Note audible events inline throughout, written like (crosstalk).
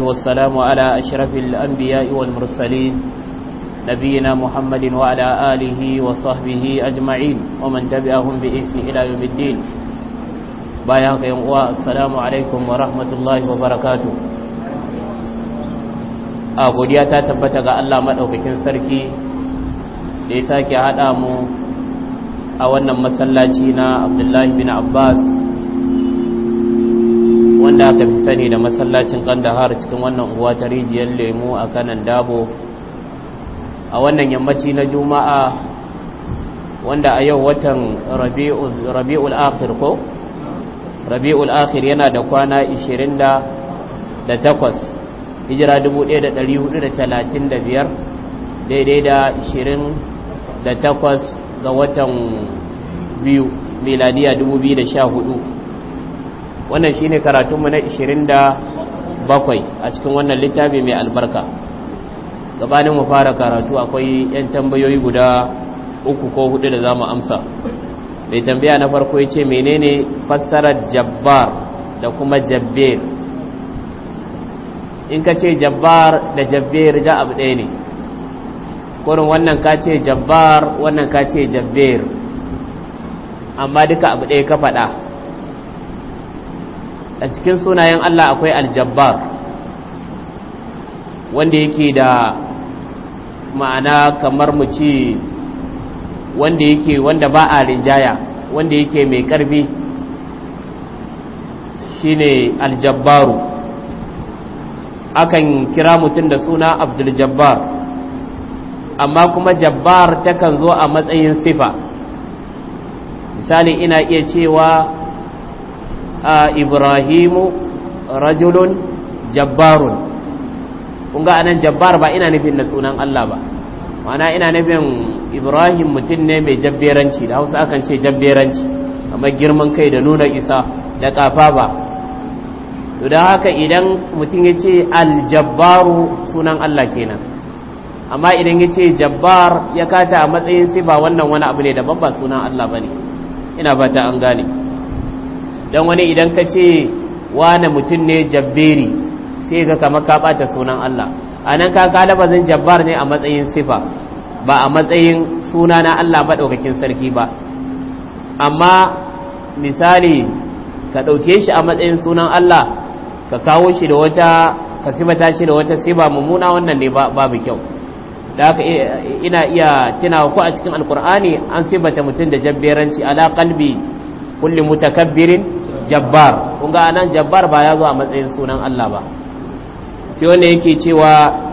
والسلام على أشرف الأنبياء والمرسلين نبينا محمد وعلى آله وصحبه أجمعين ومن تبعهم بإحسن إلى يوم الدين بايعك يوم السلام عليكم ورحمة الله وبركاته أقول يا تتبتغ الله مدعوكين سركي ليساك هذا أمو a wannan masallaci na abdullahi bin abbas wanda aka fi sani da masallacin kandahar cikin wannan uwa ta rijiyar lemu a kanan dabo a wannan yammaci na juma'a wanda a yau watan rabi'ul akhir ko rabi'ul akhir yana da kwana 28 hijira 1435 daidai da 28 ga watan biyu miladiya 2014 wannan shine karatunmu na 27 a cikin wannan littafi mai albarka gabanin mu fara karatu akwai yan tambayoyi guda uku ko hudu da za mu amsa mai tambaya na farko ya ce menene fassarar jabbar da kuma jabbir in ka ce jabbar da jabbir ja abu ɗaya ne kurin wannan ka ce jabbar wannan ka ce jabbir amma duka abu ɗaya ka faɗa a cikin sunayen Allah akwai aljabbar wanda yake da ma'ana kamar mu ce wanda yake wanda ba a rinjaya wanda yake mai karfi shine aljabbaru akan kira mutum da suna Abdul Jabbar amma kuma jabbar takan zo a matsayin sifa misali ina iya cewa ibrahimu rajulun jabbarun kunga anan jabbar ba ina nufin na sunan Allah ba mana ina nufin ibrahim mutum ne mai jabberanci da hausa akan ce jabberanci amma girman kai da nuna isa da kafa ba to da haka idan mutum ya ce aljabbaru sunan Allah kenan amma idan ya ce jabbar ya kata a matsayin siba wannan wani abu ne daban ba sunan Allah ba ne ina ta an gane don wani idan ka ce wane mutum ne jabberi sai ga kama ka ɓata sunan Allah a nan ka kalaba zan jabbar ne a matsayin sifa ba a matsayin suna na Allah maɗaukakin sarki ba amma misali ka ɗauke shi a matsayin sunan Allah ka kawo shi da wata ka sifata shi da wata sifa mummuna wannan ne babu kyau da aka ina iya tunawa ko a cikin alkur'ani an sibata mutum da jabberanci ala kalbi kulli mutakabbirin jabbar kun ga anan jabbar ba ya zo a matsayin sunan Allah ba sai wanda yake cewa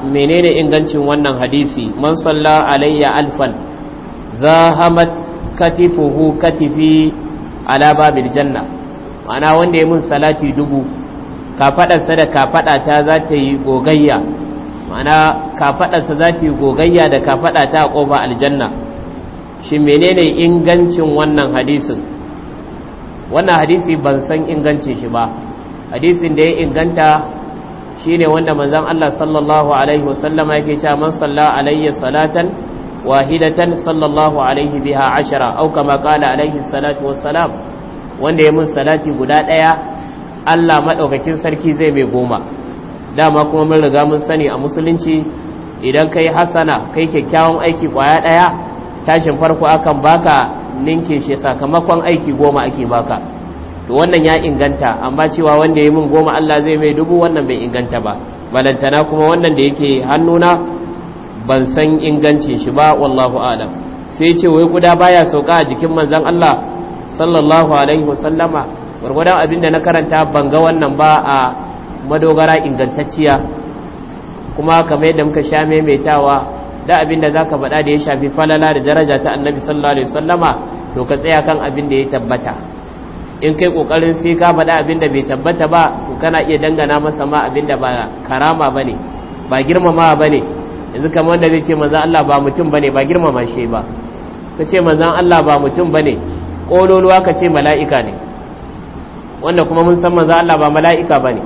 menene ingancin wannan hadisi man salla alayya alfan zahamat katifuhu katifi ala babil janna ma'ana wanda ya mun salati dubu kafadarsa da kafadata za ta yi gogayya ma'ana kafadarsa za ta yi gogayya da kafadata a ƙofa aljanna Shin menene ingancin wannan hadisin wannan hadisi ban san ingancin shi ba hadisin da ya inganta shi ne wanda manzon Allah sallallahu alaihi wasallama yake cewa man salla alayya salatan wahidatan sallallahu alaihi biha ashara au kama kala alayhi salatu wassalam wanda ya mun salati guda ɗaya Allah maɗaukakin sarki zai mai goma dama kuma mun riga mun sani a musulunci idan kai hasana kai kyakkyawan aiki kwaya ɗaya tashin farko akan baka ninkin shi sakamakon aiki goma ake baka to wannan ya inganta amma cewa wanda ya yi min goma Allah zai mai dubu wannan bai inganta ba balantana kuma wannan da yake hannuna ban san ingancin shi ba wallahu alam sai ce wai guda baya sauka a jikin manzon Allah sallallahu alaihi wasallama gurgudan da na karanta ban ga wannan ba a madogara ingantacciya kuma kamar yadda muka sha maimaitawa da abin da zaka faɗa da ya shafi falala da daraja ta annabi sallallahu alaihi wasallama to ka tsaya kan abin da ya tabbata in kai kokarin sai ka faɗa abin da bai tabbata ba to kana iya dangana masa ma abin da ba karama bane ba girmama bane yanzu kamar wanda zai ce manzon Allah ba mutum bane ba girmama shi ba ka ce manzon Allah ba mutum bane kololuwa ka ce mala'ika ne wanda kuma mun san manzon Allah ba mala'ika bane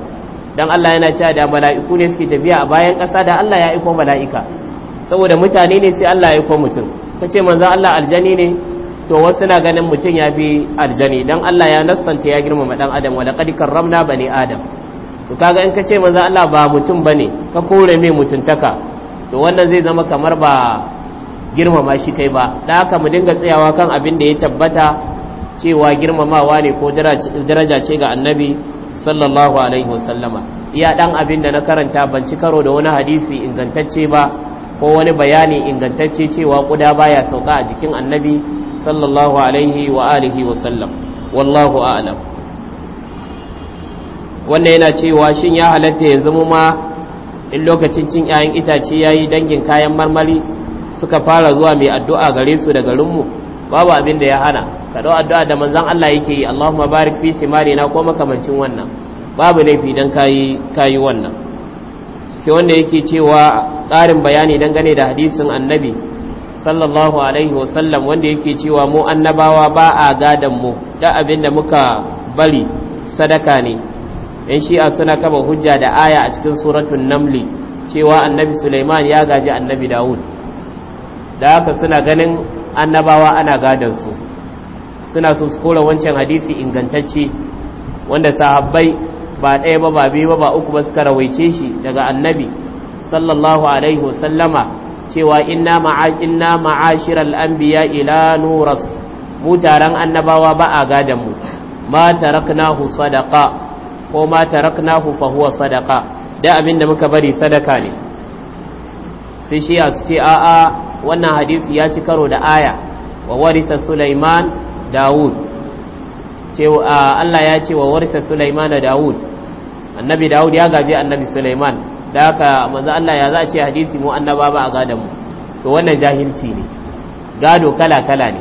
dan Allah yana cewa da mala'iku ne suke tafiya a bayan ƙasa da Allah ya aika mala'ika saboda mutane ne sai Allah ya ko mutum Ka ce manzo Allah aljani ne to wasu na ganin mutum ya bi aljani don Allah ya nassanta ya girmama dan adam wa ramna karramna ne adam to kaga in ka kace manzo Allah ba mutum bane ka kore mai mutuntaka to wannan zai zama kamar ba girmama shi kai ba da haka mu dinga tsayawa kan abin da ya tabbata cewa girmamawa ne ko daraja ce ga annabi sallallahu alaihi wasallama iya dan abin da na karanta ban ci karo da wani hadisi ingantacce ba ko wani bayani ingantacce cewa kuda baya sauka a jikin annabi sallallahu alaihi wa alihi wa sallam wallahu a'lam wannan yana cewa shin ya halatta yanzu mu ma in lokacin cin 'ya'yan itace yayi dangin kayan marmari suka fara zuwa mai addu'a gare su da mu babu abin da ya hana ka dau addu'a da manzon Allah yake yi Allahumma barik fi simarina ko makamancin wannan babu laifi dan kayi kayi wannan sai wanda yake cewa ƙarin bayani dangane da hadisin annabi sallallahu alaihi wasallam wanda yake cewa mu annabawa ba a gadan mu da abin da muka bari sadaka ne in shi'a suna kaba hujja da aya a cikin suratun namli cewa annabi suleiman ya gaji annabi dawud da haka suna ganin annabawa ana gadon su suna so su kora wancan hadisi ingantacce wanda sahabbai ba ɗaya ba ba biyu ba ba uku ba suka rawaice shi daga annabi sallallahu alaihi wasallama cewa inna ma'a inna ma'ashiral anbiya ila nuras mu taran annabawa ba a gadan mu ma taraknahu sadaqa ko ma taraknahu fa huwa sadaqa da abinda muka bari sadaka ne sai shi a ce a a wannan hadisi ya ci karo da aya wa warisa Sulaiman Dawud cewa Allah ya ce wa warisa Sulaiman da Dawud annabi Dawud ya gaje annabi Sulaiman da haka manzo Allah ya za ce hadisi mu annaba ba a gadonmu. to wannan jahilci ne gado kala kala ne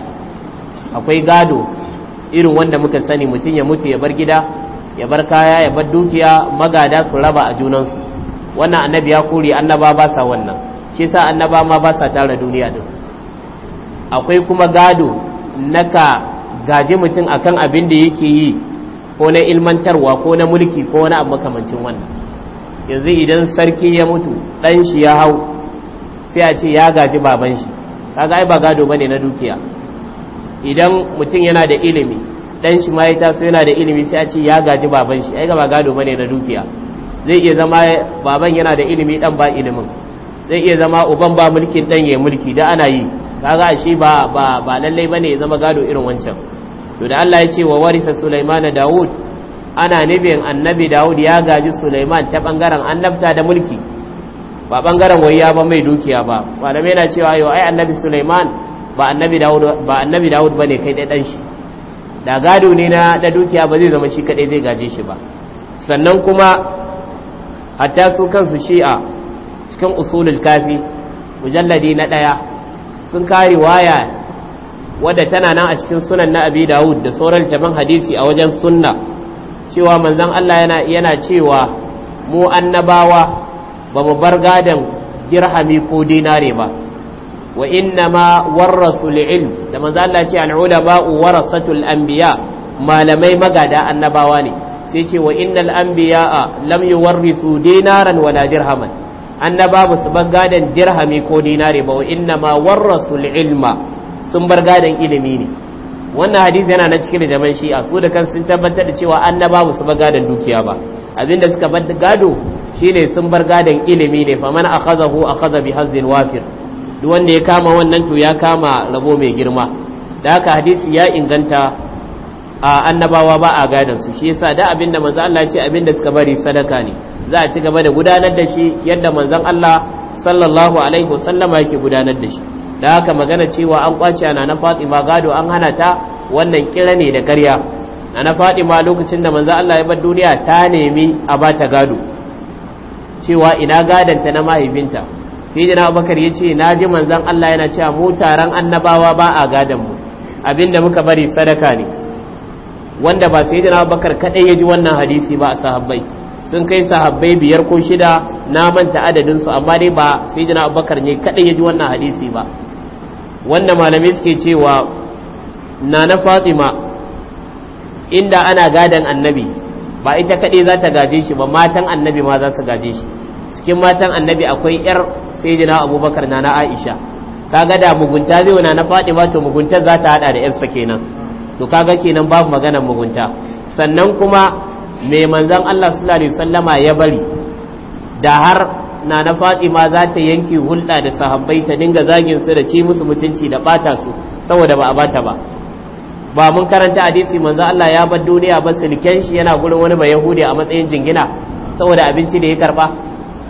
akwai gado irin wanda muka sani mutum ya mutu ya bar gida ya bar kaya ya bar dukiya magada su raba a junansu wannan annabi ya kore annaba ba sa wannan shi sa annaba ma ba sa tara duniya din akwai kuma gado na ka gaji mutum akan abin da yake yi ko na ilmantarwa ko na mulki ko na abu makamancin wannan yanzu idan sarki ya mutu dan shi ya hau sai a ce ya gaji baban shi kaga ai ba gado bane na dukiya idan mutum yana da ilimi dan shi ma ya taso yana da ilimi sai a ce ya gaji baban shi ai ga ba gado bane na dukiya zai iya zama baban yana da ilimi dan ba ilimin zai iya zama uban ba mulkin dan ya mulki da ana yi kaga shi ba ba ba lalle bane ya zama gado irin wancan to da Allah ya ce wa warisa Sulaiman da Dawud ana nufin annabi dawud ya gaji suleiman ta bangaren annabta da mulki ba bangaren wayya ba mai dukiya ba malamai na cewa yau ai annabi suleiman ba annabi dawud ba ne kai dai shi da gado ne na da dukiya ba zai zama shi kadai zai gaji shi ba sannan kuma hatta su kansu shi'a cikin usulul kafi mujalladi na ɗaya sun kare waya wadda tana nan a cikin sunan na abi dawud da sauran jaman hadisi a wajen sunna cewa manzon Allah yana cewa mu annabawa ba mu bar gadon dirhami ko dinare ba wa inna ma warasul ilm da manzon Allah ce al warasatul anbiya malamai magada annabawa ne sai ce wa innal anbiya lam yuwarrisu dinaran wala dirhaman annaba ba su bar gadan dirhami ko dinare ba wa inna ma warasul ilma sun bar gadon ilimi ne wannan hadisi yana na cikin jaman a su da kan sun tabbatar da cewa annaba ba su ba gadon dukiya ba abinda suka bar gado shine sun bar gadon ilimi ne fa faman akhazahu akhadha bi hazzin wafir duk wanda ya kama wannan to ya kama rabo mai girma da haka hadisi ya inganta a annabawa ba a gadon su shi yasa da abinda manzo Allah ya ce abinda suka bari sadaka ne za a ci gaba da gudanar da shi yadda manzon Allah sallallahu alaihi wasallama yake gudanar da shi da haka magana cewa an kwace ana na fatima gado an hana ta wannan kira ne da karya ana fatima lokacin da manzo Allah ya bar duniya ta nemi a ba ta gado cewa ina ta na mahaifinta sai jina abakar ya ce na ji manzan Allah yana cewa mu taron annabawa ba a gadon mu abinda muka bari sadaka ne wanda ba sai jina abakar kadai ya ji wannan hadisi ba a sahabbai sun kai sahabbai biyar ko shida na manta adadinsu amma dai ba sai jina abubakar ne kadai yaji wannan hadisi ba wanda malamai suke cewa na na fatima inda ana gadan annabi ba ita kaɗai za ta gaje shi ba matan annabi ma za su gaje shi cikin matan annabi akwai 'yar saidina abubakar na na aisha kaga da mugunta zai wana na fatima to muguntar za ta hada da 'yarsa kenan to ka ga kenan babu maganar mugunta sannan kuma mai manzan allah sallallahu alaihi wasallama ya bari da har na na fatima za ta yanke hulɗa da sahabbai ta dinga zagin su da ci musu mutunci da bata su saboda ba a bata ba ba mun karanta hadisi manzo Allah ya bar duniya ba silken shi yana gurin wani bai yahudi a matsayin jingina saboda abinci da ya karba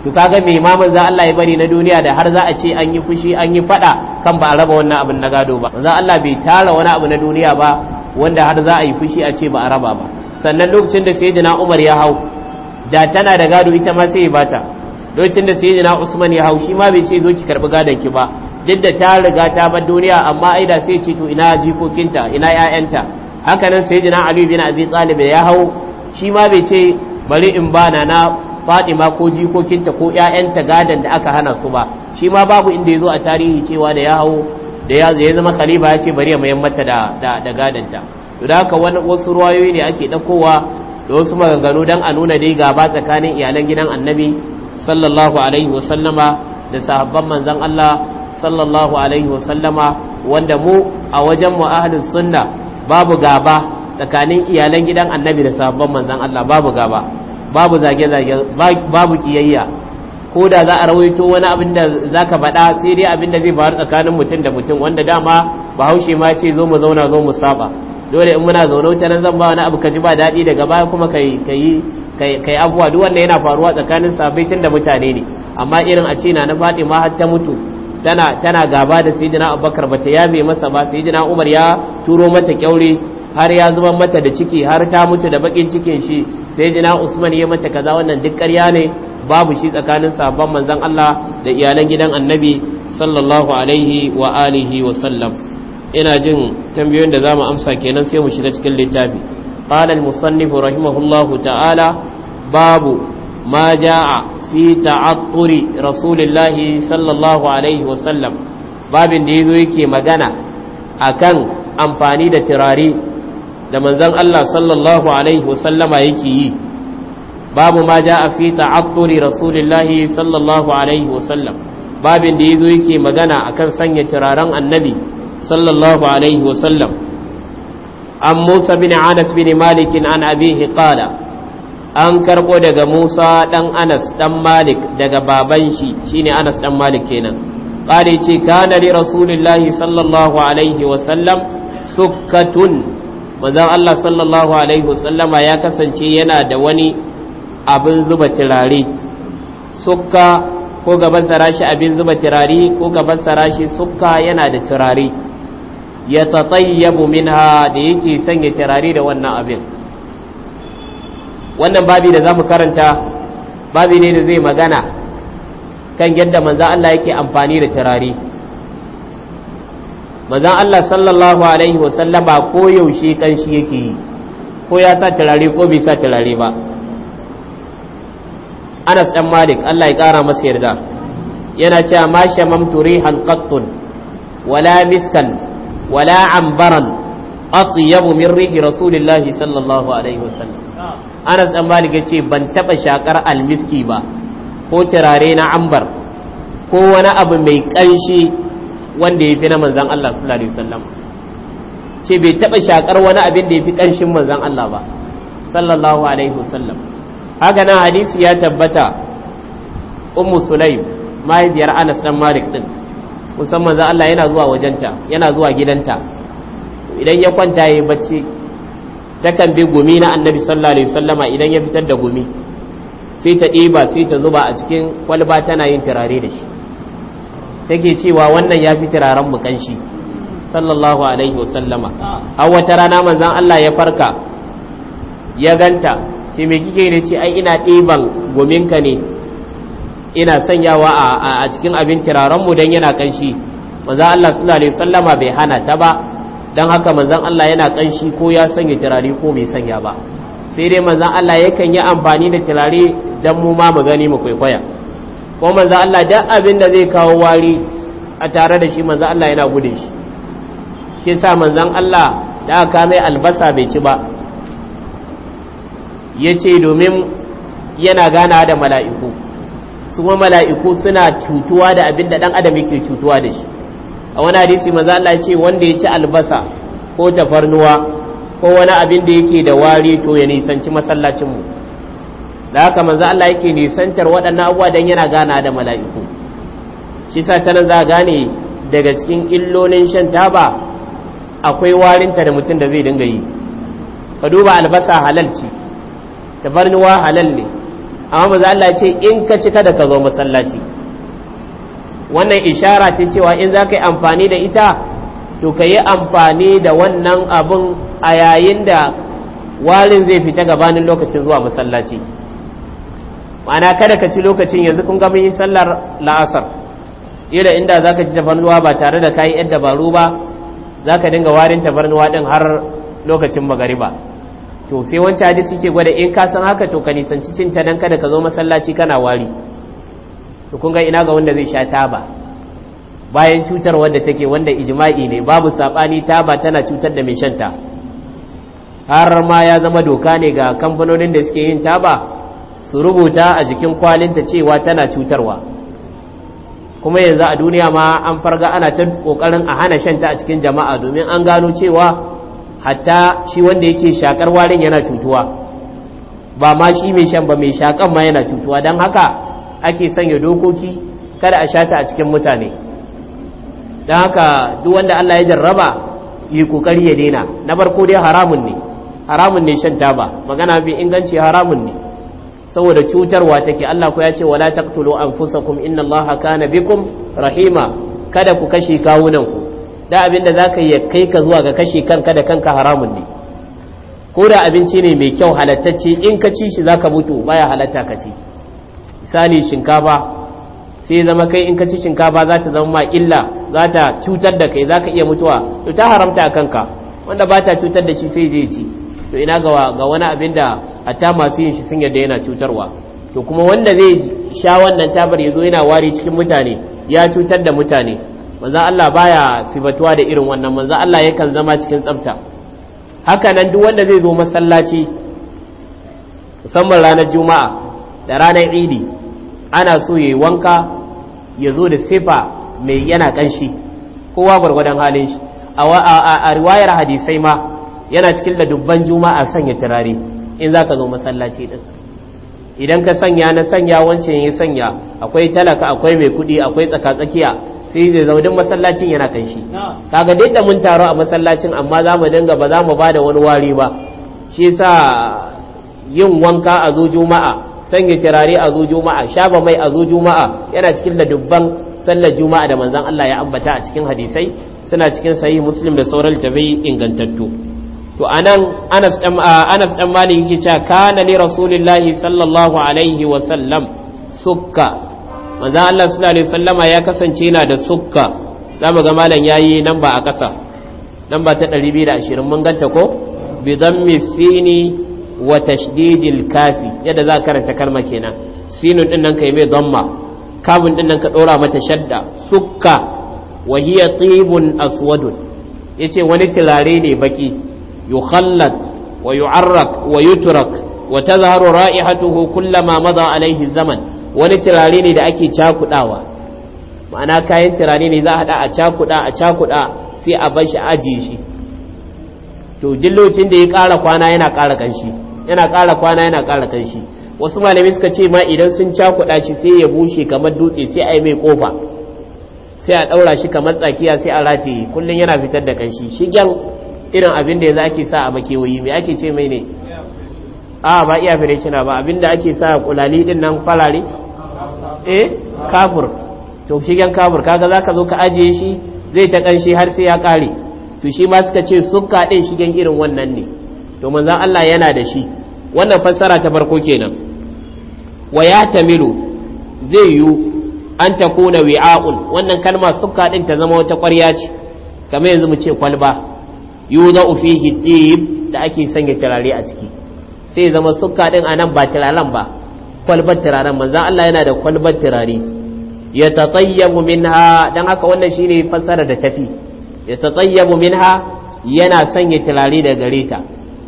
to kaga me ma manzo Allah ya bari na duniya da har za a ce an yi fushi an yi fada kan ba a raba wannan abin na gado ba manzo Allah bai tara wani abu na duniya ba wanda har za a yi fushi a ce ba a raba ba sannan lokacin da sayyidina Umar ya hau da tana da gado ita ma sai ya bata lokacin da jina Usman ya haushi ma bai ce zo ki karbi gadon ki ba duk da ta riga ta bar duniya amma aida sai ce to ina jikokinta ina ƴaƴanta haka nan sayyidina Ali bin Abi Talib ya hau shi ma bai ce bari in bana na Fatima ko jikokinta ko ƴaƴanta gadon da aka hana su ba shi ma babu inda ya zo a tarihi cewa da ya hau da ya zama khalifa ya ce bari ya mayar mata da da ta to da haka wasu ruwayoyi ne ake dakowa da wasu maganganu don a nuna dai gaba tsakanin iyalan gidan annabi sallallahu alaihi wasallama da sahabban manzan Allah sallallahu alaihi wasallama wanda mu a wajen mu ahlus sunna babu gaba tsakanin iyalan gidan annabi da sahabban manzan Allah babu gaba babu zage-zage babu kiyayya ko da za a rawaito wani abin da za ka faɗa sai dai abin da zai faru tsakanin mutum da mutum wanda dama bahaushe ma ce zo mu zauna zo mu saba dole in muna zaune wuta nan zan ba wani abu ka ji ba daɗi daga baya kuma kai kai kai abuwa duk wanda yana faruwa tsakanin tun da mutane ne amma irin a ce na na ma har ta mutu tana tana gaba da sayyidina Abubakar ba ta yabe masa ba sayyidina Umar ya turo mata kyaure har ya zuba mata da ciki har ta mutu da bakin cikin shi sayyidina Usman ya mata kaza wannan duk ƙarya ne babu shi tsakanin sabon manzon Allah da iyalan gidan Annabi sallallahu alaihi wa alihi wa sallam ina jin tambayoyin da zamu amsa kenan sai mu shiga cikin littafi qala al-musannif rahimahullahu ta'ala babu ma jaa fi ta'atturi rasulillahi sallallahu alaihi wa sallam babin da yazo yake magana akan amfani da tirare da manzon Allah sallallahu alaihi wa sallama yake yi babu ma jaa fi ta'atturi rasulillahi sallallahu alaihi wa sallam babin da yazo yake magana akan sanya turaren annabi sallallahu alaihi wasallam an musa bin anas bin malikin an abihi qala an karbo daga musa dan anas dan malik daga baban shi shine anas dan malik kenan kare ce kana li rasulillahi sallallahu alaihi wasallam sukkatun manzon Allah sallallahu alaihi wasallama ya kasance yana da wani abin zuba turare sukka ko gaban shi abin zuba turare ko gaban shi sukka yana da turare ya min ha da yake sanya turare da wannan abin wannan babi da za mu karanta babi ne da zai magana kan yadda manza Allah yake amfani da turare manzon Allah sallallahu alaihi wasallama ko yaushe kanshi yake yi ko ya sa turare ko bai sa turare ba Anas ɗan Malik Allah ya ƙara masa yarda yana cewa ma mamturi rihan wala miskan wala ambaran atyabu min rihi rasulillahi sallallahu alaihi wasallam anas dan malik yace ban taba shakar almiski ba ko turare na ambar ko wani abu mai kanshi wanda yafi na manzon Allah sallallahu alaihi wasallam ce bai taba shakar wani abin da yafi kanshin manzon Allah ba sallallahu alaihi wasallam haka nan hadisi ya tabbata ummu sulaim mahaifiyar anas dan malik din musamman za Allah yana zuwa wajenta yana zuwa gidanta idan ya kwanta ya bacci takan bi gumi na annabi sallallahu alaihi wasallama idan ya fitar da gumi sai ta ɗiba sai ta zuba a cikin kwalba tana yin turare da shi take cewa wannan ya fi turaren mu kanshi sallallahu alaihi wasallama har wata rana manzon Allah ya farka ya ganta ce me kike ne ce ai ina ɗiban guminka ne ina sanyawa a cikin abin mu don yana kanshi manzan Allah sallallahu alaihi wasallama bai hana ta ba don haka manzan Allah yana kanshi ko ya sanya tirare ko bai sanya ba sai dai manzan Allah yakan yi amfani da tirare don mu ma mu gani mu kwaikwaya ko manzan Allah don abin da zai kawo wari a tare da shi manzan Allah yana gudun shi shi sa manzan Allah da aka mai albasa bai ci ba ya ce domin yana gana da mala'iku su mala'iku suna cutuwa da abin da dan adam yake cutuwa da shi a wani hadisi maza Allah ce wanda ya ci albasa ko tafarnuwa ko wani abin da yake da wari to ya nisanci masallacinmu mu da haka za Allah yake nisantar waɗannan abuwa dan yana gana da mala'iku shi sa tanan za gane daga cikin illolin shan taba akwai warinta da mutum da zai dinga yi ka duba albasa halal ce tafarnuwa halal ne amma manzo Allah ce in ka ci kada ka zo masallaci wannan ishara ce cewa in za ka yi amfani da ita to ka yi amfani da wannan abun a yayin da warin zai fita gabanin lokacin zuwa masallaci ma'ana kada ka ci lokacin yanzu kun ga yi sallar la'asar ila inda za ka ci tafarnuwa ba tare da ka yi yadda dabaru ba za ka dinga warin tafarnuwa din har lokacin magariba to sai wancan hadisi ke gwada in ka san haka to ka nisanci cin ta dan kada ka zo masallaci kana wari to kun ga ina ga wanda zai sha taba bayan cutar wanda take wanda ijma'i ne babu sabani taba tana cutar da mai shan ta har ma ya zama doka ne ga kamfanonin da suke yin taba su rubuta a jikin kwalinta cewa tana cutarwa kuma yanzu a duniya ma an farga ana ta kokarin a hana shanta a cikin jama'a domin an gano cewa hatta shi wanda yake shakar warin yana cutuwa ba ma shi mai shan ba mai shakan ma yana cutuwa don haka ake sanya dokoki kada a shata a cikin mutane don haka duk wanda Allah ya jarraba yi kokari ya daina na farko dai haramun ne haramun ne shan taba magana bi inganci haramun ne saboda cutarwa take Allah ku ya ce wala taqtulu anfusakum innallaha kana bikum rahima kada ku kashe kawunanku da abin da ka yi kai ka zuwa ga kashe kanka da kanka haramun ne ko da abinci ne mai kyau halattacce in ka ci shi zaka mutu baya halatta ka ci misali shinkafa sai zama kai in ka ci shinkafa za ta zama ma illa za ta cutar da kai za ka iya mutuwa to ta haramta a kanka wanda ba ta cutar da shi sai zai ci to ina ga wani abin da hatta masu yin shi sun yarda yana cutarwa to kuma wanda zai sha wannan tabar yazo yana wari cikin mutane ya cutar da mutane manzan Allah baya sifatuwa da irin wannan manzan Allah yakan zama cikin tsafta haka nan duk wanda zai zo masallaci musamman ranar juma'a da ranar idi ana so ya yi wanka ya zo da sifa mai yana kanshi kowa gwargwadon halin shi a riwayar hadisai ma yana cikin da dubban juma'a sanya turare in za ka zo masallaci din idan ka sanya na sanya wancan ya sanya akwai talaka akwai mai kudi akwai tsakatsakiya sai da zaudin masallacin yana kan shi kaga duk da mun taro a masallacin amma za mu dinga ba za mu bada wani wari ba shi sa yin wanka a zo juma'a sanya kirare a zo juma'a shaba mai a zo juma'a yana cikin ladubban sallar juma'a da manzon Allah ya ambata a cikin hadisai suna cikin sahih muslim da sauran tabi'i ingantattu to anan Anas dan Anas dan Malik yake cewa kana li rasulillahi sallallahu alaihi wa sallam sukka manzo Allah suna alaihi wasallama ya kasance yana da sukka mu ga malam yayi ba a kasa ba ta 220 mun ganta ko bi dhammi sini wa tashdidil kafi yadda za karanta kalma kenan sinun din nan yi mai zamma kafin din nan ka ɗora mata shadda sukka wa hiya tibun aswadun yace wani turare ne baki yukhallad wa yu'arrak wa yutrak wa tazharu ra'ihatuhu kullama mada alaihi zaman wani tirare ne da ake cakudawa ma'ana kayan tirare ne za a haɗa a cakuda a cakuda sai a bar shi ajiye shi to dillocin da ya ƙara kwana yana ƙara kanshi yana ƙara kwana yana ƙara kanshi wasu malamai suka ce ma idan sun cakuɗa shi sai ya bushe kamar dutse sai a yi mai kofa sai a ɗaura shi kamar tsakiya sai a rataye kullum yana fitar da kanshi shigen irin abin da yanzu ake sa a makewayi mai ake ce mai ne a ba iya fere kina ba abin da ake sa kulali din nan farare eh kafur to shi kafur kaga zaka zo ka ajiye shi zai ta kanshi har sai ya kare to shi ma suka ce sukka din shigen irin wannan ne to manzon Allah yana da shi wannan fassara ta farko kenan wa tamilu zai yu an takuna wi'a'un wannan kalma sukka din ta zama wata ƙwarya ce kamar yanzu mu ce kwalba yuzau fihi tib da ake sanya tarare a ciki sai zama sukka din anan ba turalan ba kwalbar turaren manzan Allah yana da kwalbar turare ya min ha, don haka wannan shi ne fassara da tafi ya min ha, yana sanya turare da gare ta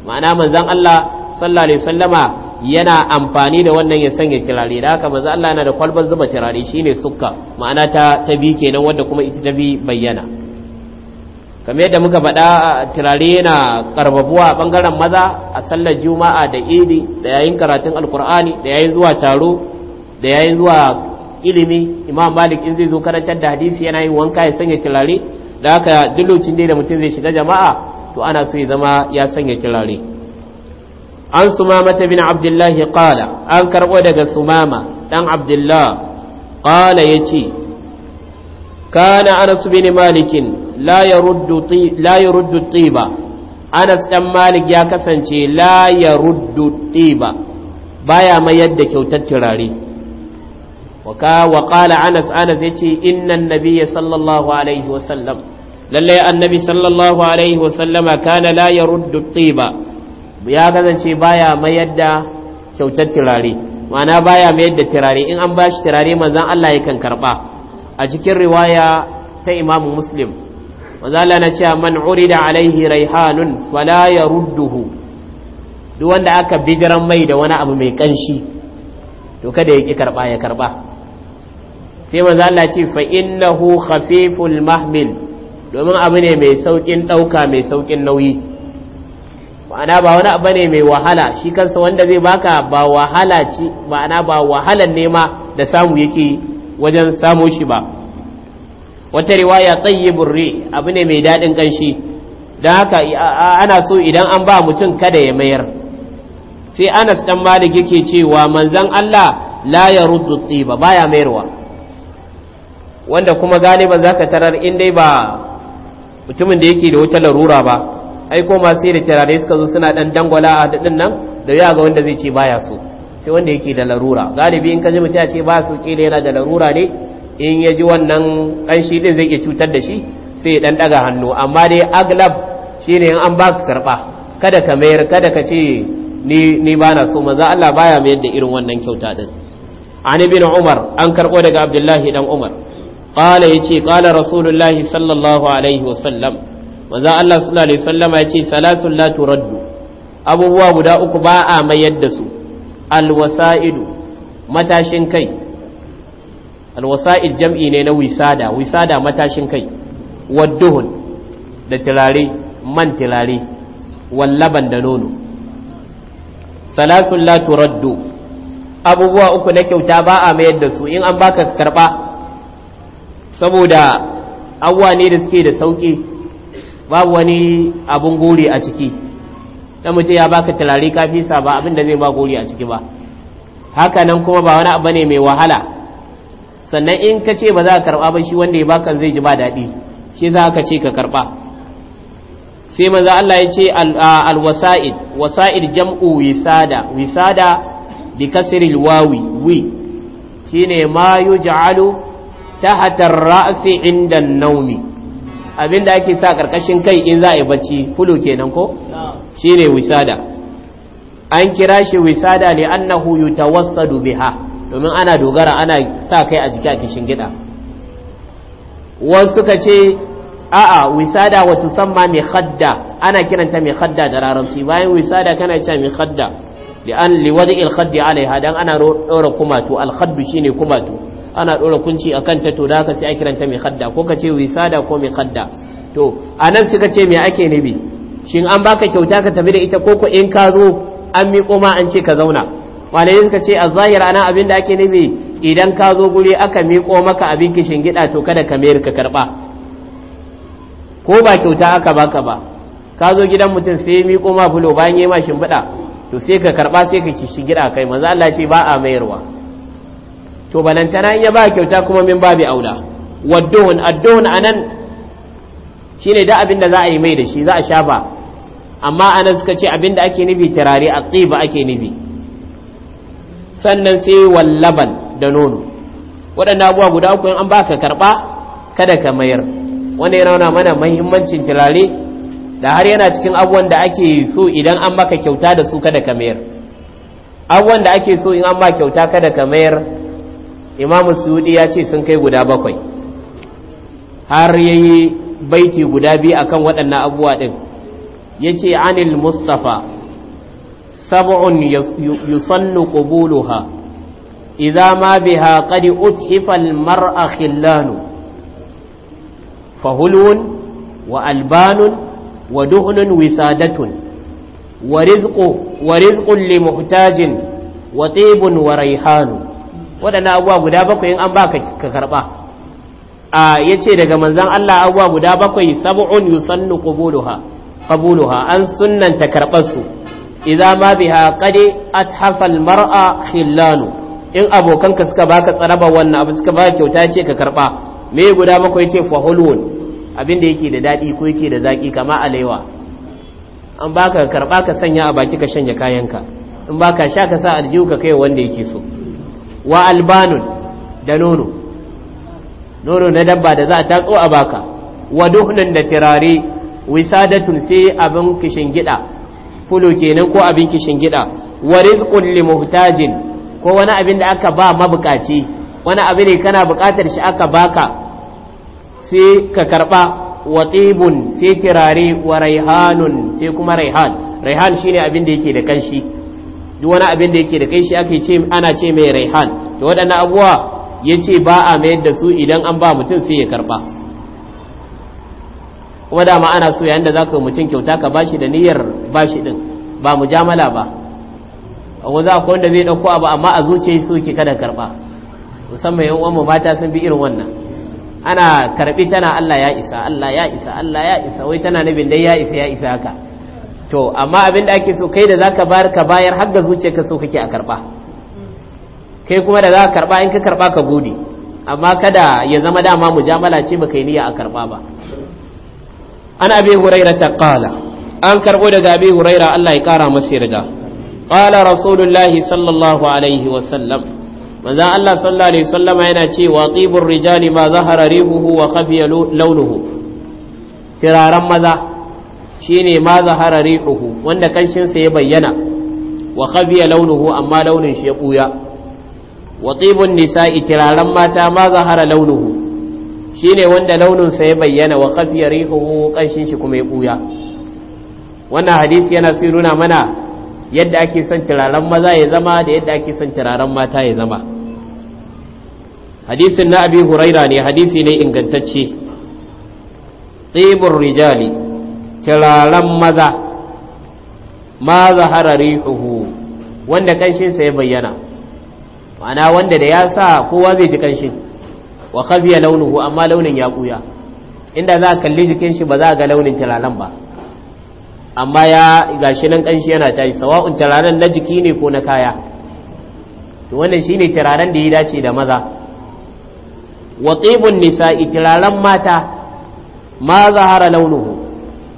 ma'ana manzan Allah sallallahu alaihi wasallama yana amfani da wannan ya sanya turare da haka manzan Allah yana da kwalbar zuba turare shi ne sukka ma'ana ta tabi kenan wadda kuma ita ta tabi bayyana kamar yadda muka faɗa turare na karbabuwa a ɓangaren maza a sallar juma'a da idi da yayin karatun alkur'ani da yayin zuwa taro da yayin zuwa ilimi imam malik in zai zo karantar da hadisi yana yin wanka ya sanya turare da haka dillocin dai da mutum zai shiga jama'a to ana so ya zama ya sanya turare an sumama ta bin abdullahi kala an karɓo daga sumama dan abdullah ya yace kana su bin malikin la ya ruddu tiba anas ɗan malik ya kasance la ya ruddu tiba baya mayar yadda kyautar turare wa qala anas anas ya yace innan nabiyya sallallahu alaihi wa sallam lalle annabi sallallahu alaihi wa sallama kana la ya ruddu tiba ya kasance baya mayar yadda kyautar turare ma'ana baya mayar yadda turare in an ba bashi turare manzon Allah ya kan karba a cikin riwaya ta imamu muslim wazala na cewa man da alaihi raihanun fala ya rudduhu duk wanda aka bijiran mai da wani abu mai kanshi to kada ya ki karba ya karba sai wazala ce fa khafiful mahmil domin abu ne mai saukin dauka mai saukin nauyi ma'ana ba wani abu ne mai wahala shi kansa wanda zai baka ba wahala ci ma'ana ba wahalan nema da samu yake wajen samo shi ba wata riwaya tsayi burri abu ne mai daɗin ƙanshi. don haka ana so idan an ba mutum kada ya mayar sai Anas dan Malik yake cewa manzan Allah la ya ba, tsiba ya mayarwa wanda kuma za ka tarar in dai ba mutumin da yake da wuta larura ba ai ko ma sai da tarare suka zo suna ɗan dangwala a daɗin nan da ya ga wanda zai ce baya so sai wanda yake da larura galibi in ka ji mutum ya ce ba su kila yana da larura ne in ya ji wannan ƙanshi ɗin zai iya cutar da shi sai ɗan ɗaga hannu amma dai aglab shi ne an ba ka karɓa kada ka mayar kada ka ce ni ba na so maza Allah baya mayar da irin wannan kyauta ɗin an na umar an karɓo daga abdullahi dan umar Ƙala ya ce ƙala rasulullahi sallallahu alaihi wa maza Allah sallallahu alaihi yace salasun la turaddu abubuwa guda uku ba a mayar da su alwasa'idu matashin kai alwasa'il jam'i ne na wisada wisada matashin kai wadduhun da tilare man tilare wallaban da nono salatu la turaddu abubuwa uku na kyauta ba a mayar da su in an baka karba saboda abuwa ne da suke da sauki babu wani abun gori a ciki dan mutum ya baka tilare kafisa ba abin da zai ba gori a ciki ba haka nan kuma ba wani abu ne mai wahala sannan in ka ce ba za ka karɓa ba shi wanda ya baka zai ji ba daɗi shi za ka ce ka karɓa sai maza Allah ya ce alwasa'id wasa'id jam'u wisada wisada bi kasril wawi wi shine ma yuj'alu tahta ar-ra'si 'inda an-nawmi abinda ake sa karkashin kai in za a yi bacci fulo kenan ko shine wisada an kira shi wisada li annahu yutawassadu biha domin ana dogara ana sa kai a jiki a kishin gida wasu ka ce a'a wisada wa tusamma mai khadda ana kiranta mai hadda da larabci bayan wisada kana cewa mai khadda li an liwadi alkhaddi alaiha don ana dora kumatu alkhaddu shine kumatu ana dora kunci akan ta to da ka ce a kiranta mai khadda ko ka ce wisada ko mai khadda to anan suka ce me ake nabi shin an baka kyauta ka tafi da ita ko ko in ka zo an miƙo ma an ce ka zauna malayin suka ce a zahir ana abin da ake nufi idan ka zo guri aka miƙo maka abin kishin gida to kada ka mayar ka karɓa ko ba kyauta aka baka ba ka zo gidan mutum sai ya miƙo ma fulo bayan ya mashin buɗa to sai ka karɓa sai ka kishin gida kai maza Allah ce ba a mayarwa to balantana in ya ba kyauta kuma min babi aula wadduhun adduhun anan shine da abin da za a yi mai da shi za a shafa amma anan suka ce abin da ake nufi tirare a tsiba ake nufi sannan sai wallaban da nono waɗanda abuwa guda uku an baka karɓa kada ka mayar wanda ya rauna mana mahimmancin turare da har yana cikin abuwan da ake so idan an maka kyauta da su kada ka mayar abuwan da ake so in an ba kyauta kada ka mayar imamu suudi ya ce sun kai guda bakwai har ya yi baiti guda biyu akan waɗannan abuwa ɗin ya ce anil mustafa sab'un yusannu qubuluha idza ma biha qad uthifa al-mar'a khillanu fahulun wa albanun wa duhnun wisadatun wa rizqu wa rizqun li muhtajin wa tibun wa raihanu wadannan abuwa guda bakwai in an baka ka karba a yace daga manzon Allah abuwa guda bakwai sab'un yusannu qubuluha qabuluha an sunnanta karbar su idza ma biha qad athafa almar'a khillanu in abokanka suka baka tsaraba wannan abu suka baka kyauta ce ka karba me guda bakwai ce fa abinda yake da dadi ko yake da zaki kama alaiwa an baka karba ka sanya a baki ka shanya kayanka in baka sha ka sa aljihu ka kai wanda yake so wa albanun da nono nono na dabba da za a tatso a baka wa duhnan da tirare wisadatun sai abin kishin gida fulo kenan ko abin kishin gida wa rizqun li muhtajin ko wani abin da aka ba mabukaci wani abin ne kana bukatar shi aka baka sai ka karba wa tibun sai kirare wa raihanun sai kuma raihan raihan shine abin da yake da kanshi duk wani abin da yake da kanshi ake ce ana ce mai raihan to waɗannan abuwa yace ba a mayar da su idan an ba mutum sai ya karba kuma dama ana so yayin da zaka mutum kyauta ka bashi da niyyar bashi din ba mujamala ba ko za ku wanda zai dauko abu amma a zuce su ke kada karba musamman yan uwan mu mata sun bi irin wannan ana karbi tana Allah ya isa Allah ya isa Allah ya isa wai tana nabin dai ya isa ya isa haka to amma abin da ake so kai da zaka bayar ka bayar har ga ka so kake a karba kai kuma da zaka karba in ka karba ka gode amma kada ya zama dama mujamala ce baka yi niyya a karba ba an abi hurairata qala an karɓo daga abi huraira Allah ya ƙara masa yarda qala rasulullahi sallallahu alaihi wa sallam manzo Allah sallallahu alaihi wasallama yana ce wa ƙibin rijali ma zahara rihuhu wa khafiya launuhu tiraran maza shi ne ma zahara rihuhu wanda kanshin ya bayyana wa khafiya launuhu amma launin shi ya buya wa ƙibin nisa'i tiraran mata ma zahara launuhu shi ne wanda launinsa ya bayyana wa khafiya rihuhu kanshin shi kuma ya buya wannan hadisi yana sai nuna mana yadda ake son turaren maza ya zama da yadda ake son turaren mata ya zama hadisin na abi huraira ne hadisi ne ingantacce tsibin rijali turaren maza ma harari uhu wanda kanshinsa ya bayyana ma'ana wanda da ya sa kowa zai ji kanshin wa kafiya launuhu amma launin ya ƙuya inda za a kalli jikin shi ba za a ga launin turaren ba amma ya gashi nan kanshi yana tashi sawa'un turaren na jiki ne ko na kaya to wannan shine turaren da ya dace da maza wa tibun nisa'i turaren mata ma zahara launuhu